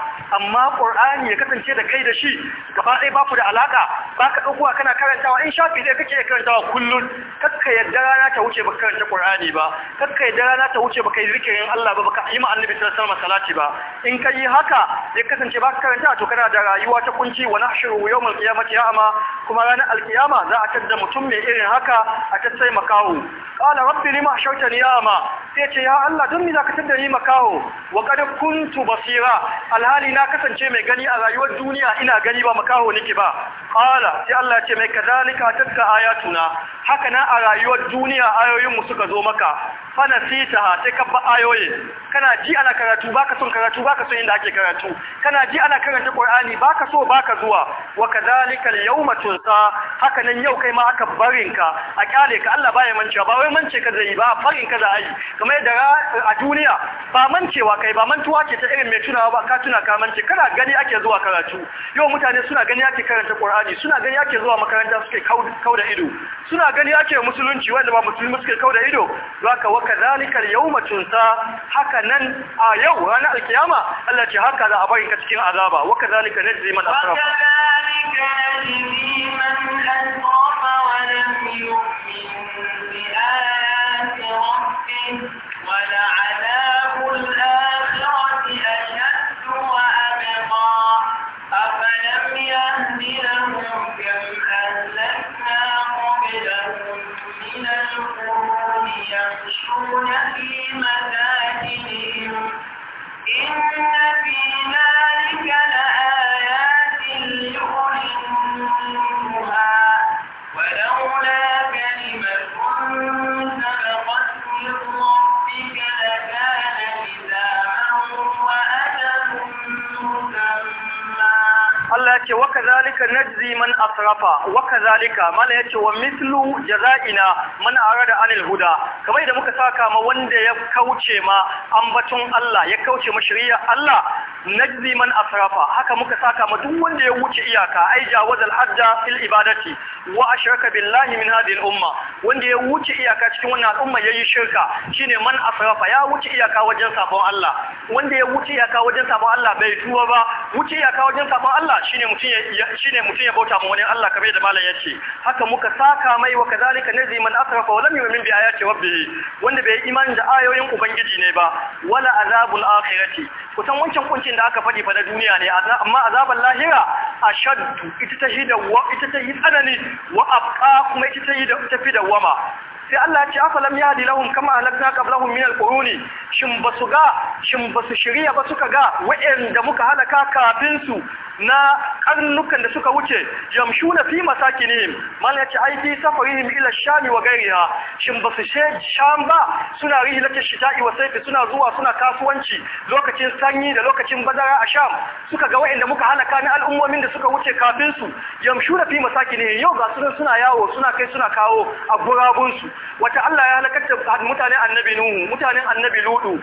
amma qur'ani ya kasance da kai da shi gaba ɗaya ba ku da alaka ka dauko kana karantawa in shafi dai kake karantawa kullun kakka yadda rana ta wuce baka karanta qur'ani ba kakka yadda rana ta wuce baka yi zikirin Allah ba baka yi ma annabi sallallahu alaihi salati ba in ka yi haka ya kasance baka karanta to kana da rayuwa ta kunci wa nahshuru yawmal qiyamati Amma kuma ranar alkiyama za a tada mutum mai irin haka a tattai qala rabbi lima akhshawta ni ama sai ce ya Allah don me zaka tada ni makaho wa qad kuntu basira alhali na kasance mai gani a rayuwar duniya ina gani ba makaho nake ba qala sai Allah ya ce mai kadalika tadka ayatuna haka na a rayuwar duniya ayoyin mu suka zo maka Fana nasitaha sai ka ba ayoyi kana ji ana karatu baka son karatu baka son inda ake karatu kana ji ana karanta Qur'ani baka so baka zuwa wa kadalika yawma tunsa haka nan yau kai ma aka barinka a kyale ka Allah baya mancewa ba wai mance ka zai ba a farin kaza yi. kamar yadda a duniya ba mancewa kai ba mantuwa ce ta irin mai tunawa ba ka tuna ka mance kana gani ake zuwa karatu yau mutane suna gani ake karanta Qur'ani suna gani ake zuwa makaranta suke kauda ido suna gani ake musulunci wanda ba musulmi suke kauda ido zaka wa kadhalika yawma tunsa haka nan a yau ranar alkiyama Allah ce haka za a bari ka cikin azaba wa kadhalika najzi man asrafa من أسرف ولم يؤمن بآيات بربه ولعذاب gafa wa kazalika mala yace wa mithlu jazaina man arada anil huda kamar da muka saka ma wanda ya kauce ma ambaton Allah ya kauce ma shari'a Allah najzi man asrafa haka muka saka ma duk wanda ya wuce iyaka ai jawaz al hadda fil ibadati wa ashraka billahi min hadhihi al umma wanda ya wuce iyaka cikin wannan al'umma yayi shirka shine man asrafa ya wuce iyaka wajen sabon Allah wanda ya wuce iyaka wajen sabon Allah bai tuwa ba wuce kawo wajen sabon Allah shine mutum ya mutum ya bauta mun wani Allah kamar da malam yace haka muka saka mai wa kazalika nazi man asrafa wa lam yu'min bi ayati wanda bai imani da ayoyin ubangiji ne ba wala azabul akhirati kusan wancan kuncin da aka fadi fa na duniya ne amma azabul lahira a ita ita ta yi wa abqa kuma ita ta fi da wama sai Allah ce afalam yahdi lahum kama halakna qablahum min alquruni shin basu ga shin basu shiriya ba suka ga wa'anda muka halaka kafin su na karnukan da suka wuce yamshu na fi ne mal ce ai fi safarihim ila shami wa gairiya shin ba su she sham ba suna rihlatu shita'i wa saifi suna zuwa suna kasuwanci lokacin sanyi da lokacin bazara a sham suka ga wa'anda muka halaka na al'ummomin da suka wuce kafin su Yamshu na fi ne. yau ga sunan suna yawo suna kai suna kawo a gurabun su wata Allah ya halakar da mutanen annabi Nuhu mutanen annabi Lutu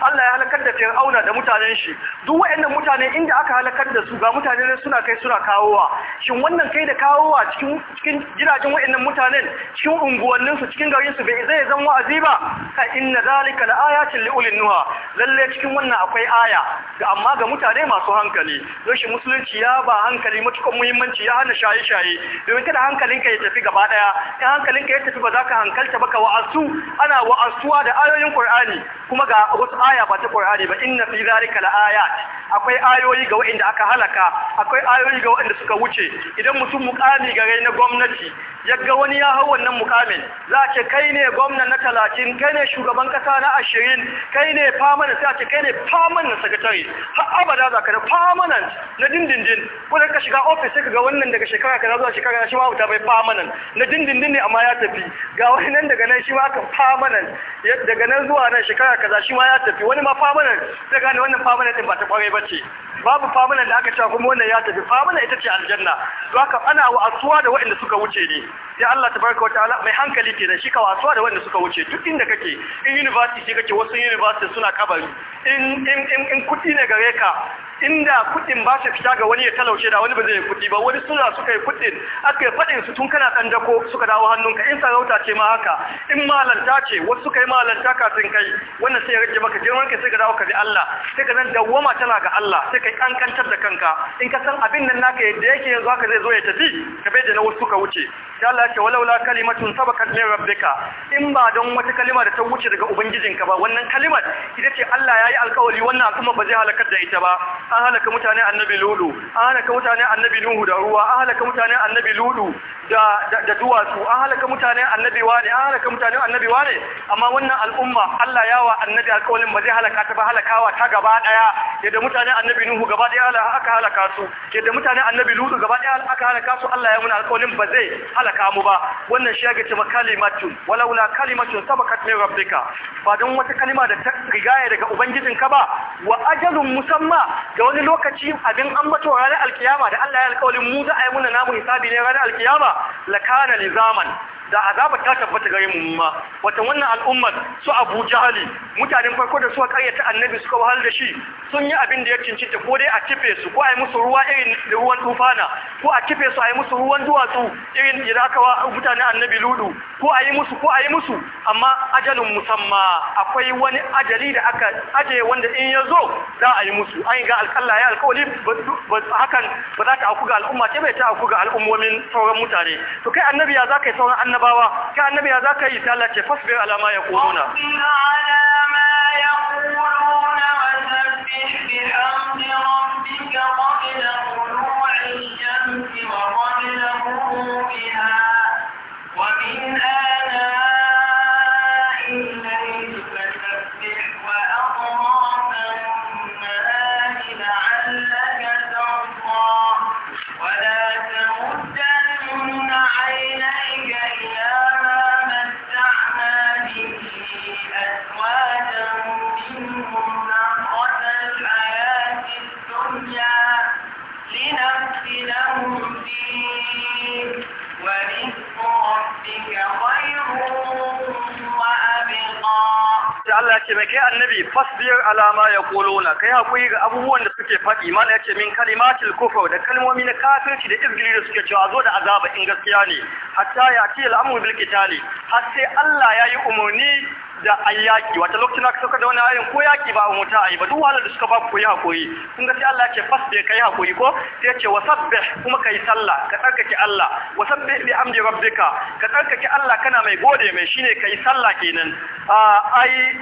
Allah ya halakar da Fir'auna da mutanen shi duk wa'annan mutane inda aka halakar da su ga mutane ne suna kai suna kawowa shin wannan kai da kawowa cikin cikin jiragen waɗannan mutanen cikin unguwannin su cikin garin su bai zai zama wa'azi ba ka inna zalika la ayatin li ulil nuha lalle cikin wannan akwai aya ga amma ga mutane masu hankali don shi musulunci ya ba hankali mutukan muhimmanci ya hana shaye shaye domin kada hankalinka ya tafi gaba daya in hankalinka ya tafi ba za ka hankalta ba ka wa'azu ana wa'azuwa da ayoyin Qur'ani kuma ga wasu aya ba ta Qur'ani ba inna fi zalika la ayat akwai ayoyi ga wayanda aka halaka haka akwai ayoyi ga waɗanda suka wuce idan mutum mukami gare na gwamnati yaga wani ya hau wannan mukamin za ce kai ne gwamna na talatin kai ne shugaban kasa na ashirin kai ne famanan sai a ce kai ne famanan sakatare har abada za ka da famanan na dindindin ko da ka shiga ofis sai ka ga wannan daga shekara kaza zuwa shekara shi ma wuta bai famanan na dindindin ne amma ya tafi ga wani nan daga nan shi ma aka famanan daga nan zuwa nan shekara kaza shi ma ya tafi wani ma famanan sai gane wannan famanan din ba ta kwarai bace babu famanan da aka ce kuma wannan ya tafi famuna ita ce aljanna to haka ana wasuwa da waɗanda suka wuce ne sai Allah tabaraka wa ta'ala mai hankali da shi ka wasuwa da waɗanda suka wuce duk inda kake in university kake wasu university suna kabari in in in kuɗi ne gare ka inda kuɗin ba su fita ga wani ya talauce da wani ba zai yi kuɗi ba wani suna suka yi kuɗin aka yi faɗin su tun kana ɗan dako suka dawo hannunka in sarauta ce ma haka in malanta ce wasu suka yi malanta kafin kai wannan sai ya rage maka girman ka sai ka dawo ka bi Allah sai ka zan dawwama tana ga Allah sai ka kankantar da kanka in ka san abin nan naka yadda yake yanzu haka zai zo ya tafi ka bai da na wasu ka wuce sai Allah ya ce walaula kalimatun sabaqat min rabbika in ba don wata kalima da ta wuce daga ubangijinka ba wannan kalimar ita ce Allah yayi alƙawari wannan al'umma ba zai halakar da ita ba an halaka mutane annabi lulu an halaka mutane annabi nuhu da ruwa an halaka mutane annabi lulu da da duwatsu an halaka mutane annabi wane an halaka mutane annabi wane amma wannan al'umma Allah ya wa annabi alƙawarin ba zai halaka ta ba halakawa ta gaba daya yadda mutane annabi nuhu gaba daya aka halaka halaka su da mutane annabi lutu gaba ɗaya aka halaka su Allah ya muna alƙawarin ba zai halaka mu ba wannan shi yake cewa kalimatun walaula kalimatun sabakat min rabbika ba dan wata kalima da ta rigaya daga Ubangijin ka ba wa ajalun musamma ga wani lokaci abin ambato ranar alkiyama da Allah ya alƙawarin mu za a yi muna namu hisabi ne ranar alkiyama lakana lizaman da azaba ta tabbata gare mu ma wata wannan al'ummar su Abu Jahali mutanen farko da suka karyata annabi suka wahal da shi sun yi abin da ya cincinta ko dai a kife su ko a yi musu ruwa irin ruwan tufana ko a kife su a yi musu ruwan duwatsu irin da aka wa mutanen annabi Ludu ko a yi musu ko a yi musu amma ajalin musamma akwai wani ajali da aka aje wanda in ya zo za a yi musu an ga alƙalla ya alƙawali hakan ba za ta auku ga al'umma ce bai ta auku ga al'ummomin sauran mutane to kai annabi ya za ka yi sauran annabi annabawa ka annabi ya zaka yi sallah ce fasbir ala ma yaquluna ala ma yaquluna wa sabbih bihamdi rabbika qabla tulu'i shamsi wa qabla ghurubi kai annabi fasbir alama ya kolona kai hakuri ga abubuwan da suke faɗi mana yace min kalimatil kufr da kalmomi na kafirci da izgiri da suke cewa zo da azaba in gaskiya ne hatta ya ce al'amru bil qitali har sai Allah yayi umarni da an yaƙi, wata lokacin aka sauka da wani ayin ko yaki ba mu a ayi ba duk wahalar da suka ba ku yi hakuri kun ga sai Allah ya ce fas bai kai koyi, ko sai ya ce wasabbih kuma kai sallah ka tsarkake Allah wasabbih bi amri rabbika ka tsarkake Allah kana mai gode mai shine kai sallah kenan ai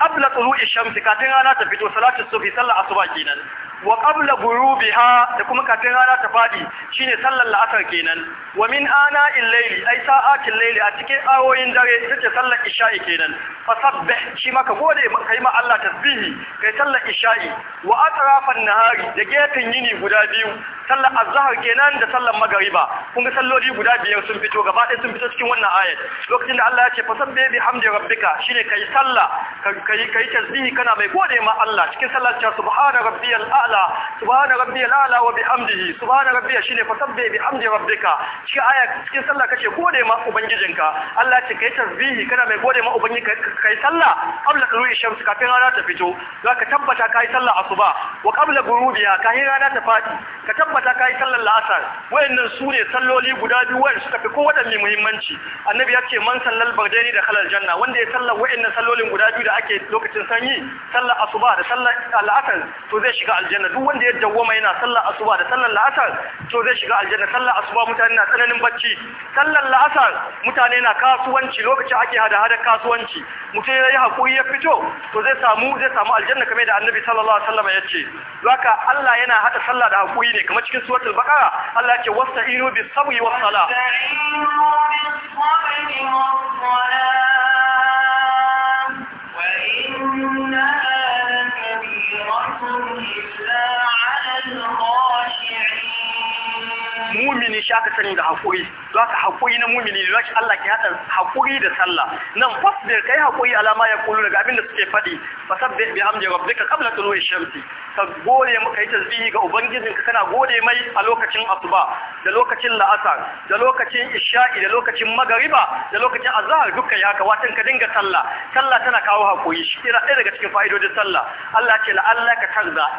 qabla tulu'i shamsi kafin rana ta fito salatu subhi sallah asuba kenan wa qabla ghurubiha da kuma kafin rana ta fadi shine sallar la'asar kenan wa min ana al-layli ay sa'atil layli a cikin awoyin dare take sallar isha'i kenan fa sabbih shi maka gode kai ma Allah tasbihi kai sallar isha'i wa atrafan nahari da gefen yini guda biyu sallar azhar kenan da sallar magariba kun ga salloli guda biyar sun fito gaba ɗaya sun fito cikin wannan ayat lokacin da Allah ya ce fa sabbih bihamdi rabbika shine kai sallah kai kai tasbihi kana mai gode ma Allah cikin sallar ta subhana rabbiyal a'la ala subhana rabbiyal ala wa bihamdihi subhana rabbiya shine fasabbih bihamdi rabbika shi aya cikin sallah kace gode ma ubangijinka Allah ce kai tasbihi kana mai gode ma ubangiji kai sallah qabla tulu'i shams kafin rana ta fito zaka tabbata kai sallah asuba wa qabla ghurubiha kafin rana ta fadi ka tabbata kai sallar la'asar wayannan sune salloli guda biyu wanda suka fi kowanne muhimmanci annabi ya ce man sallal bardani da halal janna wanda ya sallar wayannan sallolin guda biyu da ake lokacin sanyi sallar asuba da sallar la'asar to zai shiga aljanna aljanna duk wanda ya dawwama yana sallar asuba da sallar la'asar to zai shiga aljanna sallar asuba mutane na tsananin bacci sallar la'asar mutane na kasuwanci lokacin ake hada hada kasuwanci mutum ya yi hakuri ya fito to zai samu zai samu aljanna kamar da annabi sallallahu alaihi wasallam ya ce haka Allah yana hada sallah da hakuri ne kamar cikin suratul baqara Allah ya ce wasta'inu bis sabri was wa وإنها كبيرة إلا على الخاشعين mumini shi aka sani da hakuri don haka hakuri na mumini da shi Allah ke hada hakuri da sallah nan da kai hakuri alama ya kullu daga abin da suke faɗi bi bihamdi rabbika qabla ya shamsi ka gode maka yi tasbihi ga ubangijin ka kana gode mai a lokacin asuba da lokacin la'asar da lokacin isha'i da lokacin magariba da lokacin azhar duka ya ka watan ka dinga sallah sallah tana kawo hakuri shi ira ɗaya daga cikin fa'idodin sallah Allah ce la'alla ka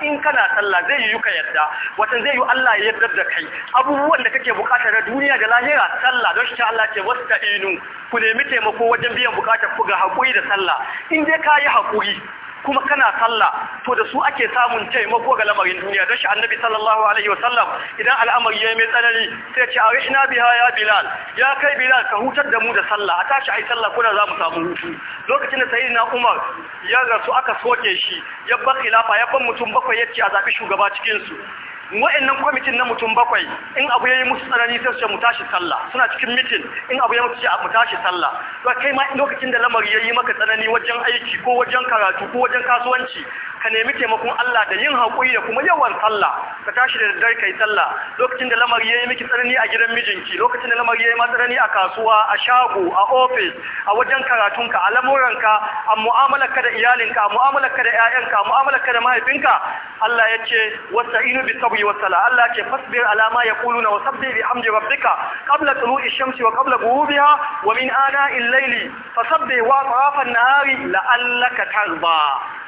in kana sallah zai yi ka yadda watan zai yi Allah ya yarda da kai abubuwa abubuwan da kake bukata na duniya da lahira sallah don shi ta Allah ce ta'inu ku nemi taimako wajen biyan bukatar ku ga hakuri da sallah in dai yi hakuri kuma kana sallah to da su ake samun taimako ga lamarin duniya don shi annabi sallallahu alaihi wa sallam, idan al'amari ya yi mai tsanani sai ce arihna biha ya bilal ya kai bilal ka hutar da mu da sallah a tashi ayi sallah kuna za mu samu hutu lokacin da na umar ya rasu aka soke shi ya bar khilafa ya bar mutum bakwai yace a zabi shugaba cikin su wa'annan kwamitin na mutum bakwai in abu yi musu tsanani sai su ce mu tashi sallah suna cikin mitin in abu ya musu mu tashi sallah to kai ma lokacin da lamari ya yi maka tsanani wajen aiki ko wajen karatu ko wajen kasuwanci ka nemi taimakon Allah da yin haƙuri da kuma yawan sallah ka tashi da daddare kai sallah lokacin da lamari yayi miki tsanani a gidan mijinki lokacin da lamari yayi ma tsanani a kasuwa a shago a office a wajen karatunka a lamuranka a mu'amalarka da iyalinka a mu'amalarka da ƴaƴanka a mu'amalarka da mahaifinka Allah ya ce wasta'inu bis sabri was sala Allah ya ce fasbir ala ma yaquluna wa sabbih bihamdi rabbika qabla tulu'i shamsi wa qabla ghurubiha wa min ana'il layli fasabbih wa atrafan nahari la'allaka tarda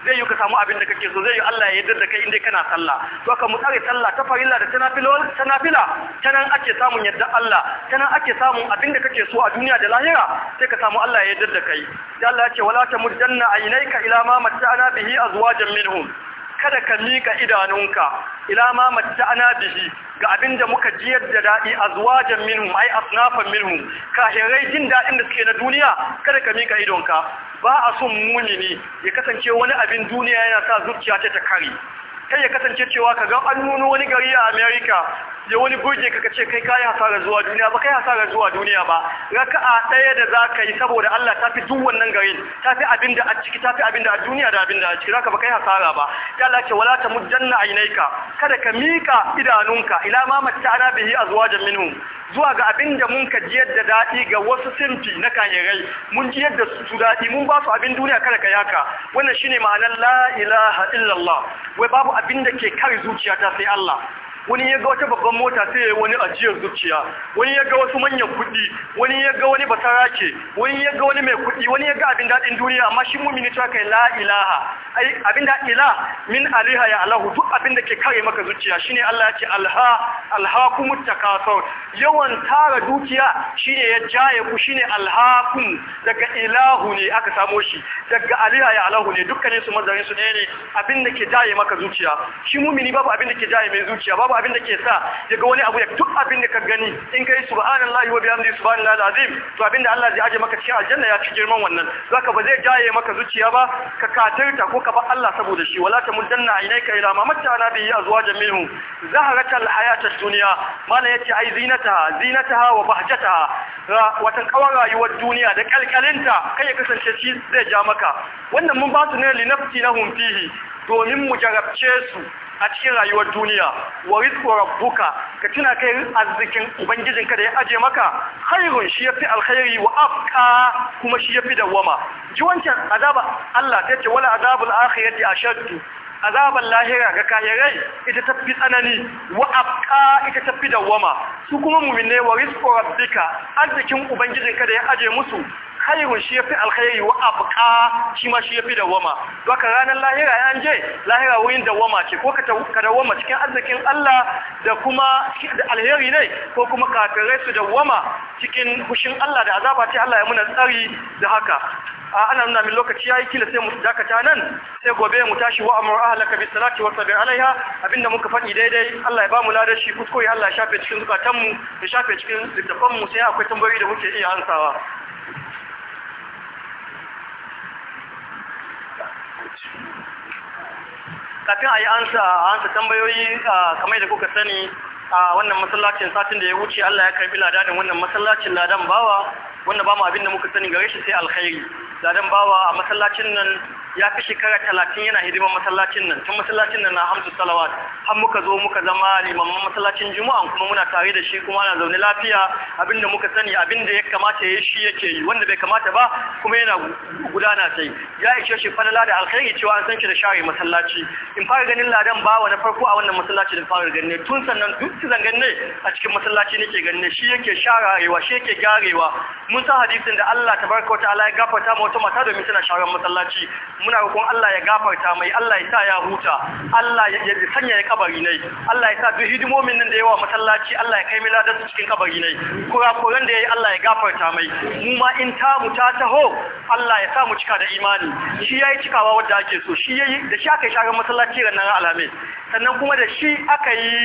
zai yi ka samu abin da kake so zai yi Allah ya yarda da kai inda kana sallah to aka mu tsare sallah ta farilla da tanafila. nafila ta nan ake samun yadda Allah ta nan ake samun abin da kake so a duniya da lahira sai ka samu Allah ya yarda da kai sai Allah ya ce wala tamuddanna aynayka ila ma matta'na bihi azwajan minhum kada ka mika idanunka ila ma ana bihi ga abin da muka jiyar da daɗi a zuwa jan minhum ai asnafan minhum kahirai jin daɗin da suke na duniya kada ka mika idonka ba a son mumini ya kasance wani abin duniya yana sa zuciya ta ta kare kai ya kasance cewa ka ga an nuno wani gari a America ya wani burge ka kace kai kai hasara zuwa duniya ba kai hasara zuwa duniya ba raka'a daya da zakai yi saboda Allah tafi duk wannan garin tafi abinda a ciki tafi abinda a duniya da abinda a ciki zaka ba kai hasara ba ya Allah ce wala tamuddanna ainaika kada ka mika idanunka ila ma matta bihi azwajan minhum zuwa ga abinda da mun ka jiyar da daɗi ga wasu simfi na kanyarai mun jiyar da su daɗi mun ba su abin duniya kada ka yaka wannan shine ma'anar la ilaha illallah wai babu abin ke kare zuciyata sai Allah wani ya ga wata babban mota sai ya yi wani ajiyar zuciya wani ya ga wasu manyan kuɗi wani ya ga wani basarake wani ya ga wani mai kuɗi wani ya ga abin daɗin duniya amma shi mumini cewa kai la ilaha ai abin da ila min aliha ya alahu duk abin da ke kare maka zuciya shine Allah ya ce alha alhaakumut takasur yawan tara dukiya shine ya jaye ku shine alhaakum daga ilahu ne aka samo shi daga aliha ya alahu ne dukkanin su mazarin su ne abin da ke jaye maka zuciya shi mumini babu abin da ke jaye mai zuciya babu babu abin da ke sa ya ga wani abu ya duk abin da ka gani in kai subhanallahi wa bihamdihi subhanallahi azim to abin da Allah zai aje maka cikin aljanna ya ci girman wannan zaka ba zai jaye maka zuciya ba ka katirta ko ka ba Allah saboda shi wala tamuddanna ainaka ila ma matta'ana bihi azwajan minhum zaharatal hayatad dunya mana yace ai zinataha zinataha wa bahjataha watan kawar rayuwar duniya da kalkalinta kai ya kasance shi zai ja maka wannan mun ba su ne linafsi na fihi domin mu jarabce su a cikin rayuwar duniya wa rizqu rabbuka ka tuna kai arzikin ka da ya aje maka khairun shi yafi alkhairi wa afka kuma shi yafi dawama ji wancan azaba Allah ta ce wala azabul akhirati ashaddu azaban lahira ga kahirai ita tafi tsanani wa afka ita tafi dawama su kuma mu'minai wa rizqu rabbika arzikin ka da ya aje musu khairun shi yafi alkhairi wa abqa shi ma shi yafi dawama doka ranar lahira an je lahira wurin dawama ce ko ka dawama cikin arzikin Allah da kuma alheri ne ko kuma kafirai su dawama cikin hushin Allah da azaba ce Allah ya muna tsari da haka ana nuna min lokaci yayi kila sai mu dakata nan sai gobe mu tashi wa amru ahlaka bis salati wa sabi alaiha abinda muka faɗi daidai Allah ya ba mu ladar shi kuskure Allah ya shafe cikin zukatan mu ya shafe cikin littafan mu sai akwai tambayoyi da muke iya ansawa kafin a yi ansa tambayoyi kamar da kuka sani a wannan masallacin satin da ya wuce Allah ya karbi ladanin wannan masallacin ladan bawa wanda ba mu abin da muka sani gare shi sai alkhairi ladan bawa a masallacin nan ya fi shekara talatin yana hidiman masallacin nan tun masallacin nan na hamsu salawat har muka zo muka zama limamman masallacin juma'a kuma muna tare da shi kuma ana zaune lafiya abin da muka sani abin da ya kamata ya shi yake yi wanda bai kamata ba kuma yana gudana sai ya ishe shi falala da alkhairi cewa an san shi da share masallaci in fara ganin ladan bawa na farko a wannan masallaci da fara ganin tun sannan duk zangan ne a cikin masallaci nake ganin shi yake sharewa shi yake garewa mun san hadisin da Allah Ta barka wata, Allah ya gafarta ma wata mata domin tana sharan masallaci muna roƙon Allah ya gafarta mai Allah ya sa ya huta Allah ya sanya ya kabari nai Allah ya sa duk hidimomin nan da yawa masallaci Allah ya kai mu ladan su cikin kabari nai koran da yayi Allah ya gafarta mai mu ma in ta mu ta taho Allah ya sa mu cika da imani shi yayi cikawa wanda ake so shi yayi da shi aka yi sharan masallaci ranar alhamis sannan kuma da shi aka yi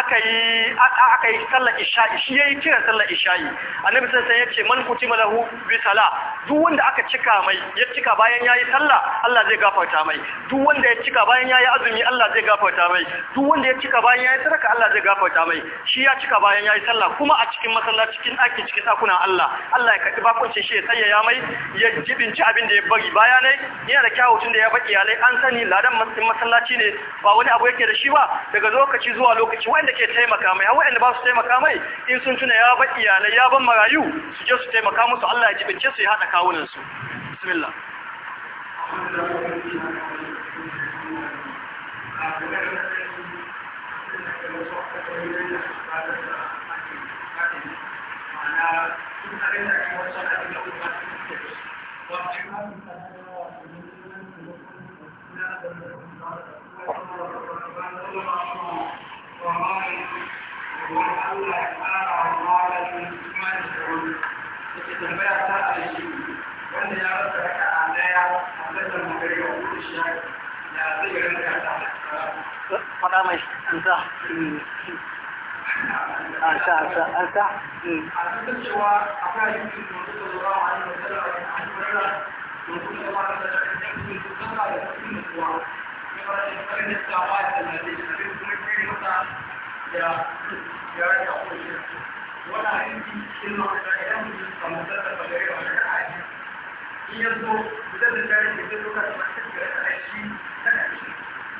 aka yi aka yi sallar isha'i shi yayi kiran sallar isha'i annabi sallallahu alaihi wasallam ya ce man kutima lahu bi sala duk wanda aka cika mai ya cika bayan yayi sallah Allah zai gafarta mai duk wanda ya cika bayan yayi azumi Allah zai gafarta mai duk wanda ya cika bayan yayi sadaka Allah zai gafarta mai shi ya cika bayan yayi sallah kuma a cikin masallaci cikin aiki cikin sakuna Allah Allah ya karɓi bakuncin shi ya tsayaya mai ya jibinci abin da ya bari baya ne yana da kyawu tun da ya baki alai an sani ladan masallaci ne ba wani abu yake da shi ba daga lokaci zuwa lokaci wanda ke taimaka mai wanda ba su taimaka mai in sun tuna ya baki alai ya ban marayu su je su taimaka musu Allah ya ji jibince su ya haɗa kawunansu bismillah kama shi an sa a sa a sa an sa Iya zo, bisa da tarihi da duka da masu yi da shi, tana shi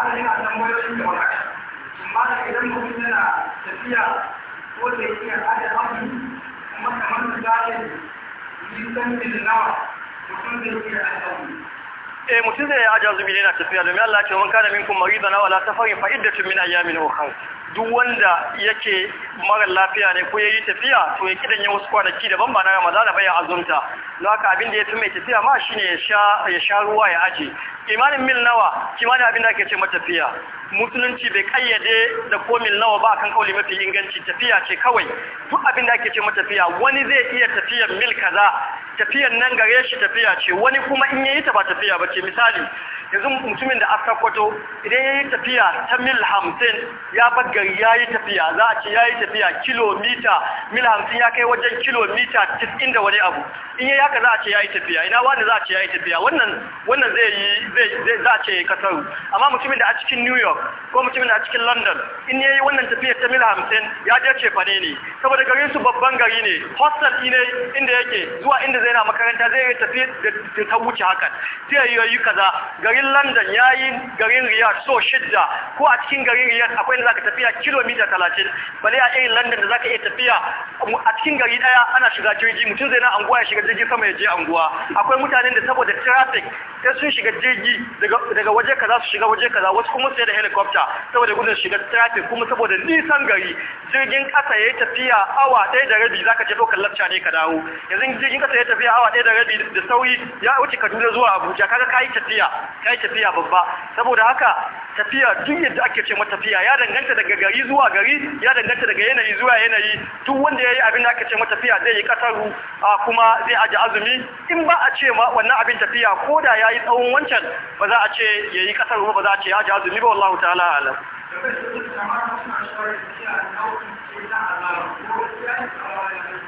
ana yana tambayoyin da wata amma da idan mutum yana tafiya ko da yake da abu kuma kamar misalin nisan mil nawa da zai iya azabi eh mutum zai yi iya ajazu bi yana tafiya domin Allah ya ce man kana minkum maridan aw la safarin fa iddatun min ayyamin ukhra duk wanda yake mara lafiya ne ko ya yi tafiya to ya kidan ya wasu kwanaki daban ba na da bai azumta don haka abin da ya fi mai tafiya ma shine ya sha ruwa ya aje imanin mil nawa kimanin abin da ake ce matafiya musulunci bai kayyade da ko mil nawa ba kan kauli mafi inganci tafiya ce kawai duk abin da ake ce matafiya wani zai iya tafiyar mil kaza tafiyar nan gare shi tafiya ce wani kuma in ya yi ta ba tafiya ba ce misali yanzu mutumin da kwato idan ya yi tafiya ta mil hamsin ya bar gari ya yi tafiya za a ce ya yi tafiya kilomita mil hamsin ya kai wajen kilomita tis'in da wani abu in yi haka za a ce ya yi tafiya ina wani za a ce ya yi tafiya wannan wannan zai yi zai za a ce ya kasaru amma mutumin da a cikin new york ko mutumin da a cikin london in ya yi wannan tafiya ta mil hamsin ya je ce fane ne saboda gari su babban gari ne hostel ne inda yake zuwa inda zai na makaranta zai yi tafiya da ta wuce hakan zai yi kaza garin london ya yi garin riyadh so shidda ko a cikin garin riyadh akwai inda za tafiya tafiya kilomita talatin bale a irin london da za ka iya tafiya a cikin gari daya ana shiga jirgi mutum zai na anguwa ya shiga jirgin sama ya je anguwa akwai mutanen da saboda traffic sai sun shiga jirgi daga waje kaza su shiga waje kaza wasu kuma sai da helicopter saboda gudun shiga traffic kuma saboda nisan gari jirgin kasa ya tafiya awa ɗaya da rabi zaka je ɗaukar lacca ne ka dawo yanzu jirgin kasa ya tafiya awa ɗaya da rabi da sauri ya wuce Kaduna zuwa Abuja kaga kai tafiya kai tafiya babba saboda haka tafiya duk yadda ake ce mata tafiya ya danganta daga gari zuwa gari ya danganta daga yanayi zuwa yanayi duk wanda ya yi abin da aka ce matafiya zai yi kasaru kuma zai aji azumi in ba a ce ma wannan abin tafiya ko da ya yi tsawon wancan ba za a ce ya yi kasaru ba za a ce ya aji azumi ba wallahu ta'ala alam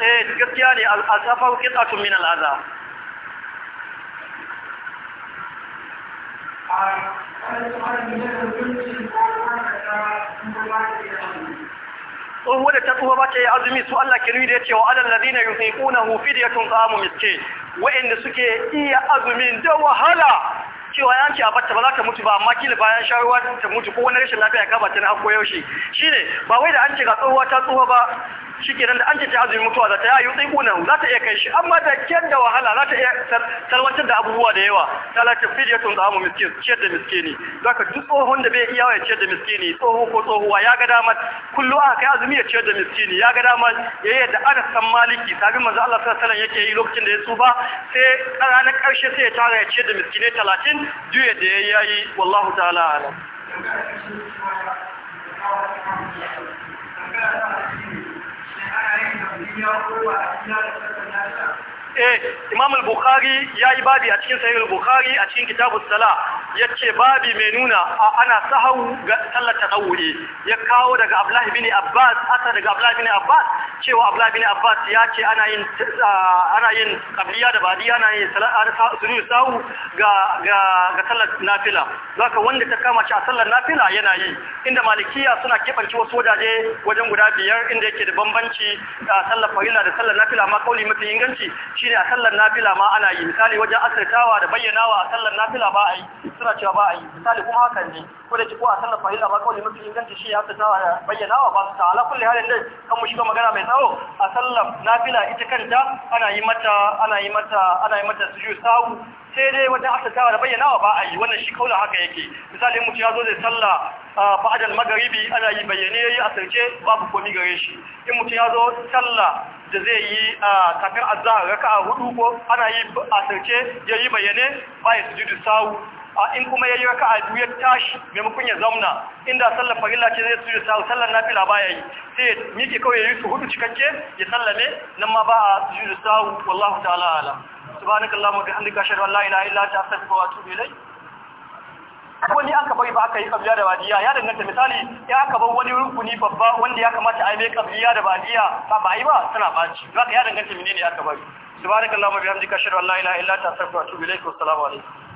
eh gaskiya ne a safar qit'atun min al-adha ah, tsohuwa da ta ba ta yi azumi su Allah ke da ya ce wa alal ladina yufiqunahu fidyatun qamu miskin wa'inda suke iya azumin da wahala cewa ya ci a batta ba za ta mutu ba amma kila bayan shawarwa ta mutu ko wani rashin lafiya ka ba ta na koyaushe shine ba wai da an ce ga tsohuwa ta tsohuwa ba shi kenan da an ce azumin mutuwa za ta yi yi tsibuna za ta iya kai shi amma da kyan da wahala za ta iya salwantar da abubuwa da yawa ta lati fidiya tun da amu miskin ciyar da miskini za ka duk tsohon da bai iya ya ciyar da miskini tsoho ko tsohuwa ya ga damar kullu aka kai azumi ya ciyar da miskini ya ga damar ya yi da ana san maliki sabin manzo Allah sallallahu alaihi yake yi lokacin da ya tsufa sai ranar karshe sai ya tara ya ciyar da miskinai talatin juya da ya yi wallahu ta'ala alam eh imam al-bukhari ya yi babi a cikin sayar bukhari a cikin kitabus sala ya ce babi mai nuna ana sahau ga sallar tasawuri ya kawo daga Abdullahi bin Abbas hasa daga Abdullahi bin Abbas cewa Abdullahi bin Abbas ya ce ana yin ah, ana yin qabliya da badiya ana yin sujud sahu ga ga ga sallar nafila zaka wanda ta kama shi a sallar nafila yana yi inda malikiya suna kebanci wasu wajaje wajen guda biyar inda yake da bambanci ah, sallar farilla da sallar nafila ma kauli mafi inganci shine a sallar nafila ma ana yi misali wajen asirtawa da bayyanawa a sallar nafila ba a yi suna cewa ba a yi misali kuma hakan ne ko da ko a sallar fahimta ba kawai mafi inganci shi haka ta bayyana wa ba su ta ala kulli halin dai kan mu shiga magana mai tsawo a sallar nafila ita kanta ana yi mata ana yi mata ana yi mata sujud sawu sai dai wajen asatawa da bayyanawa ba a yi wannan shi kaula haka yake misali mutum ya zo zai sallah fa'adar magaribi ana yi bayyane ya yayi asirce babu komi gare shi in mutum ya zo sallah da zai yi a kafin raka a hudu ko ana yi asirce yi bayyane ba ya sujudu sawu a in kuma yayi raka'a biyu ya tashi maimakon ya zauna inda sallar farilla ce zai tsuyu sa sallar nafila baya yi sai ya miƙe kawai yayi su hudu cikakke ya sallame nan ma ba a tsuyu sa wallahu ta'ala alam subhanakallahumma wa bihamdika ashhadu an la ilaha illa anta astaghfiruka wa atubu ilayk ni aka bari ba aka yi kabliya da badiya ya danganta misali ya aka bar wani rukuni babba wanda ya kamata a yi mai da badiya ba ba yi ba tana baci za ka ya danganta menene aka bari subhanakallahumma bihamdika ashhadu an la ilaha illa anta astaghfiruka wa atubu ilaik wa assalamu alaikum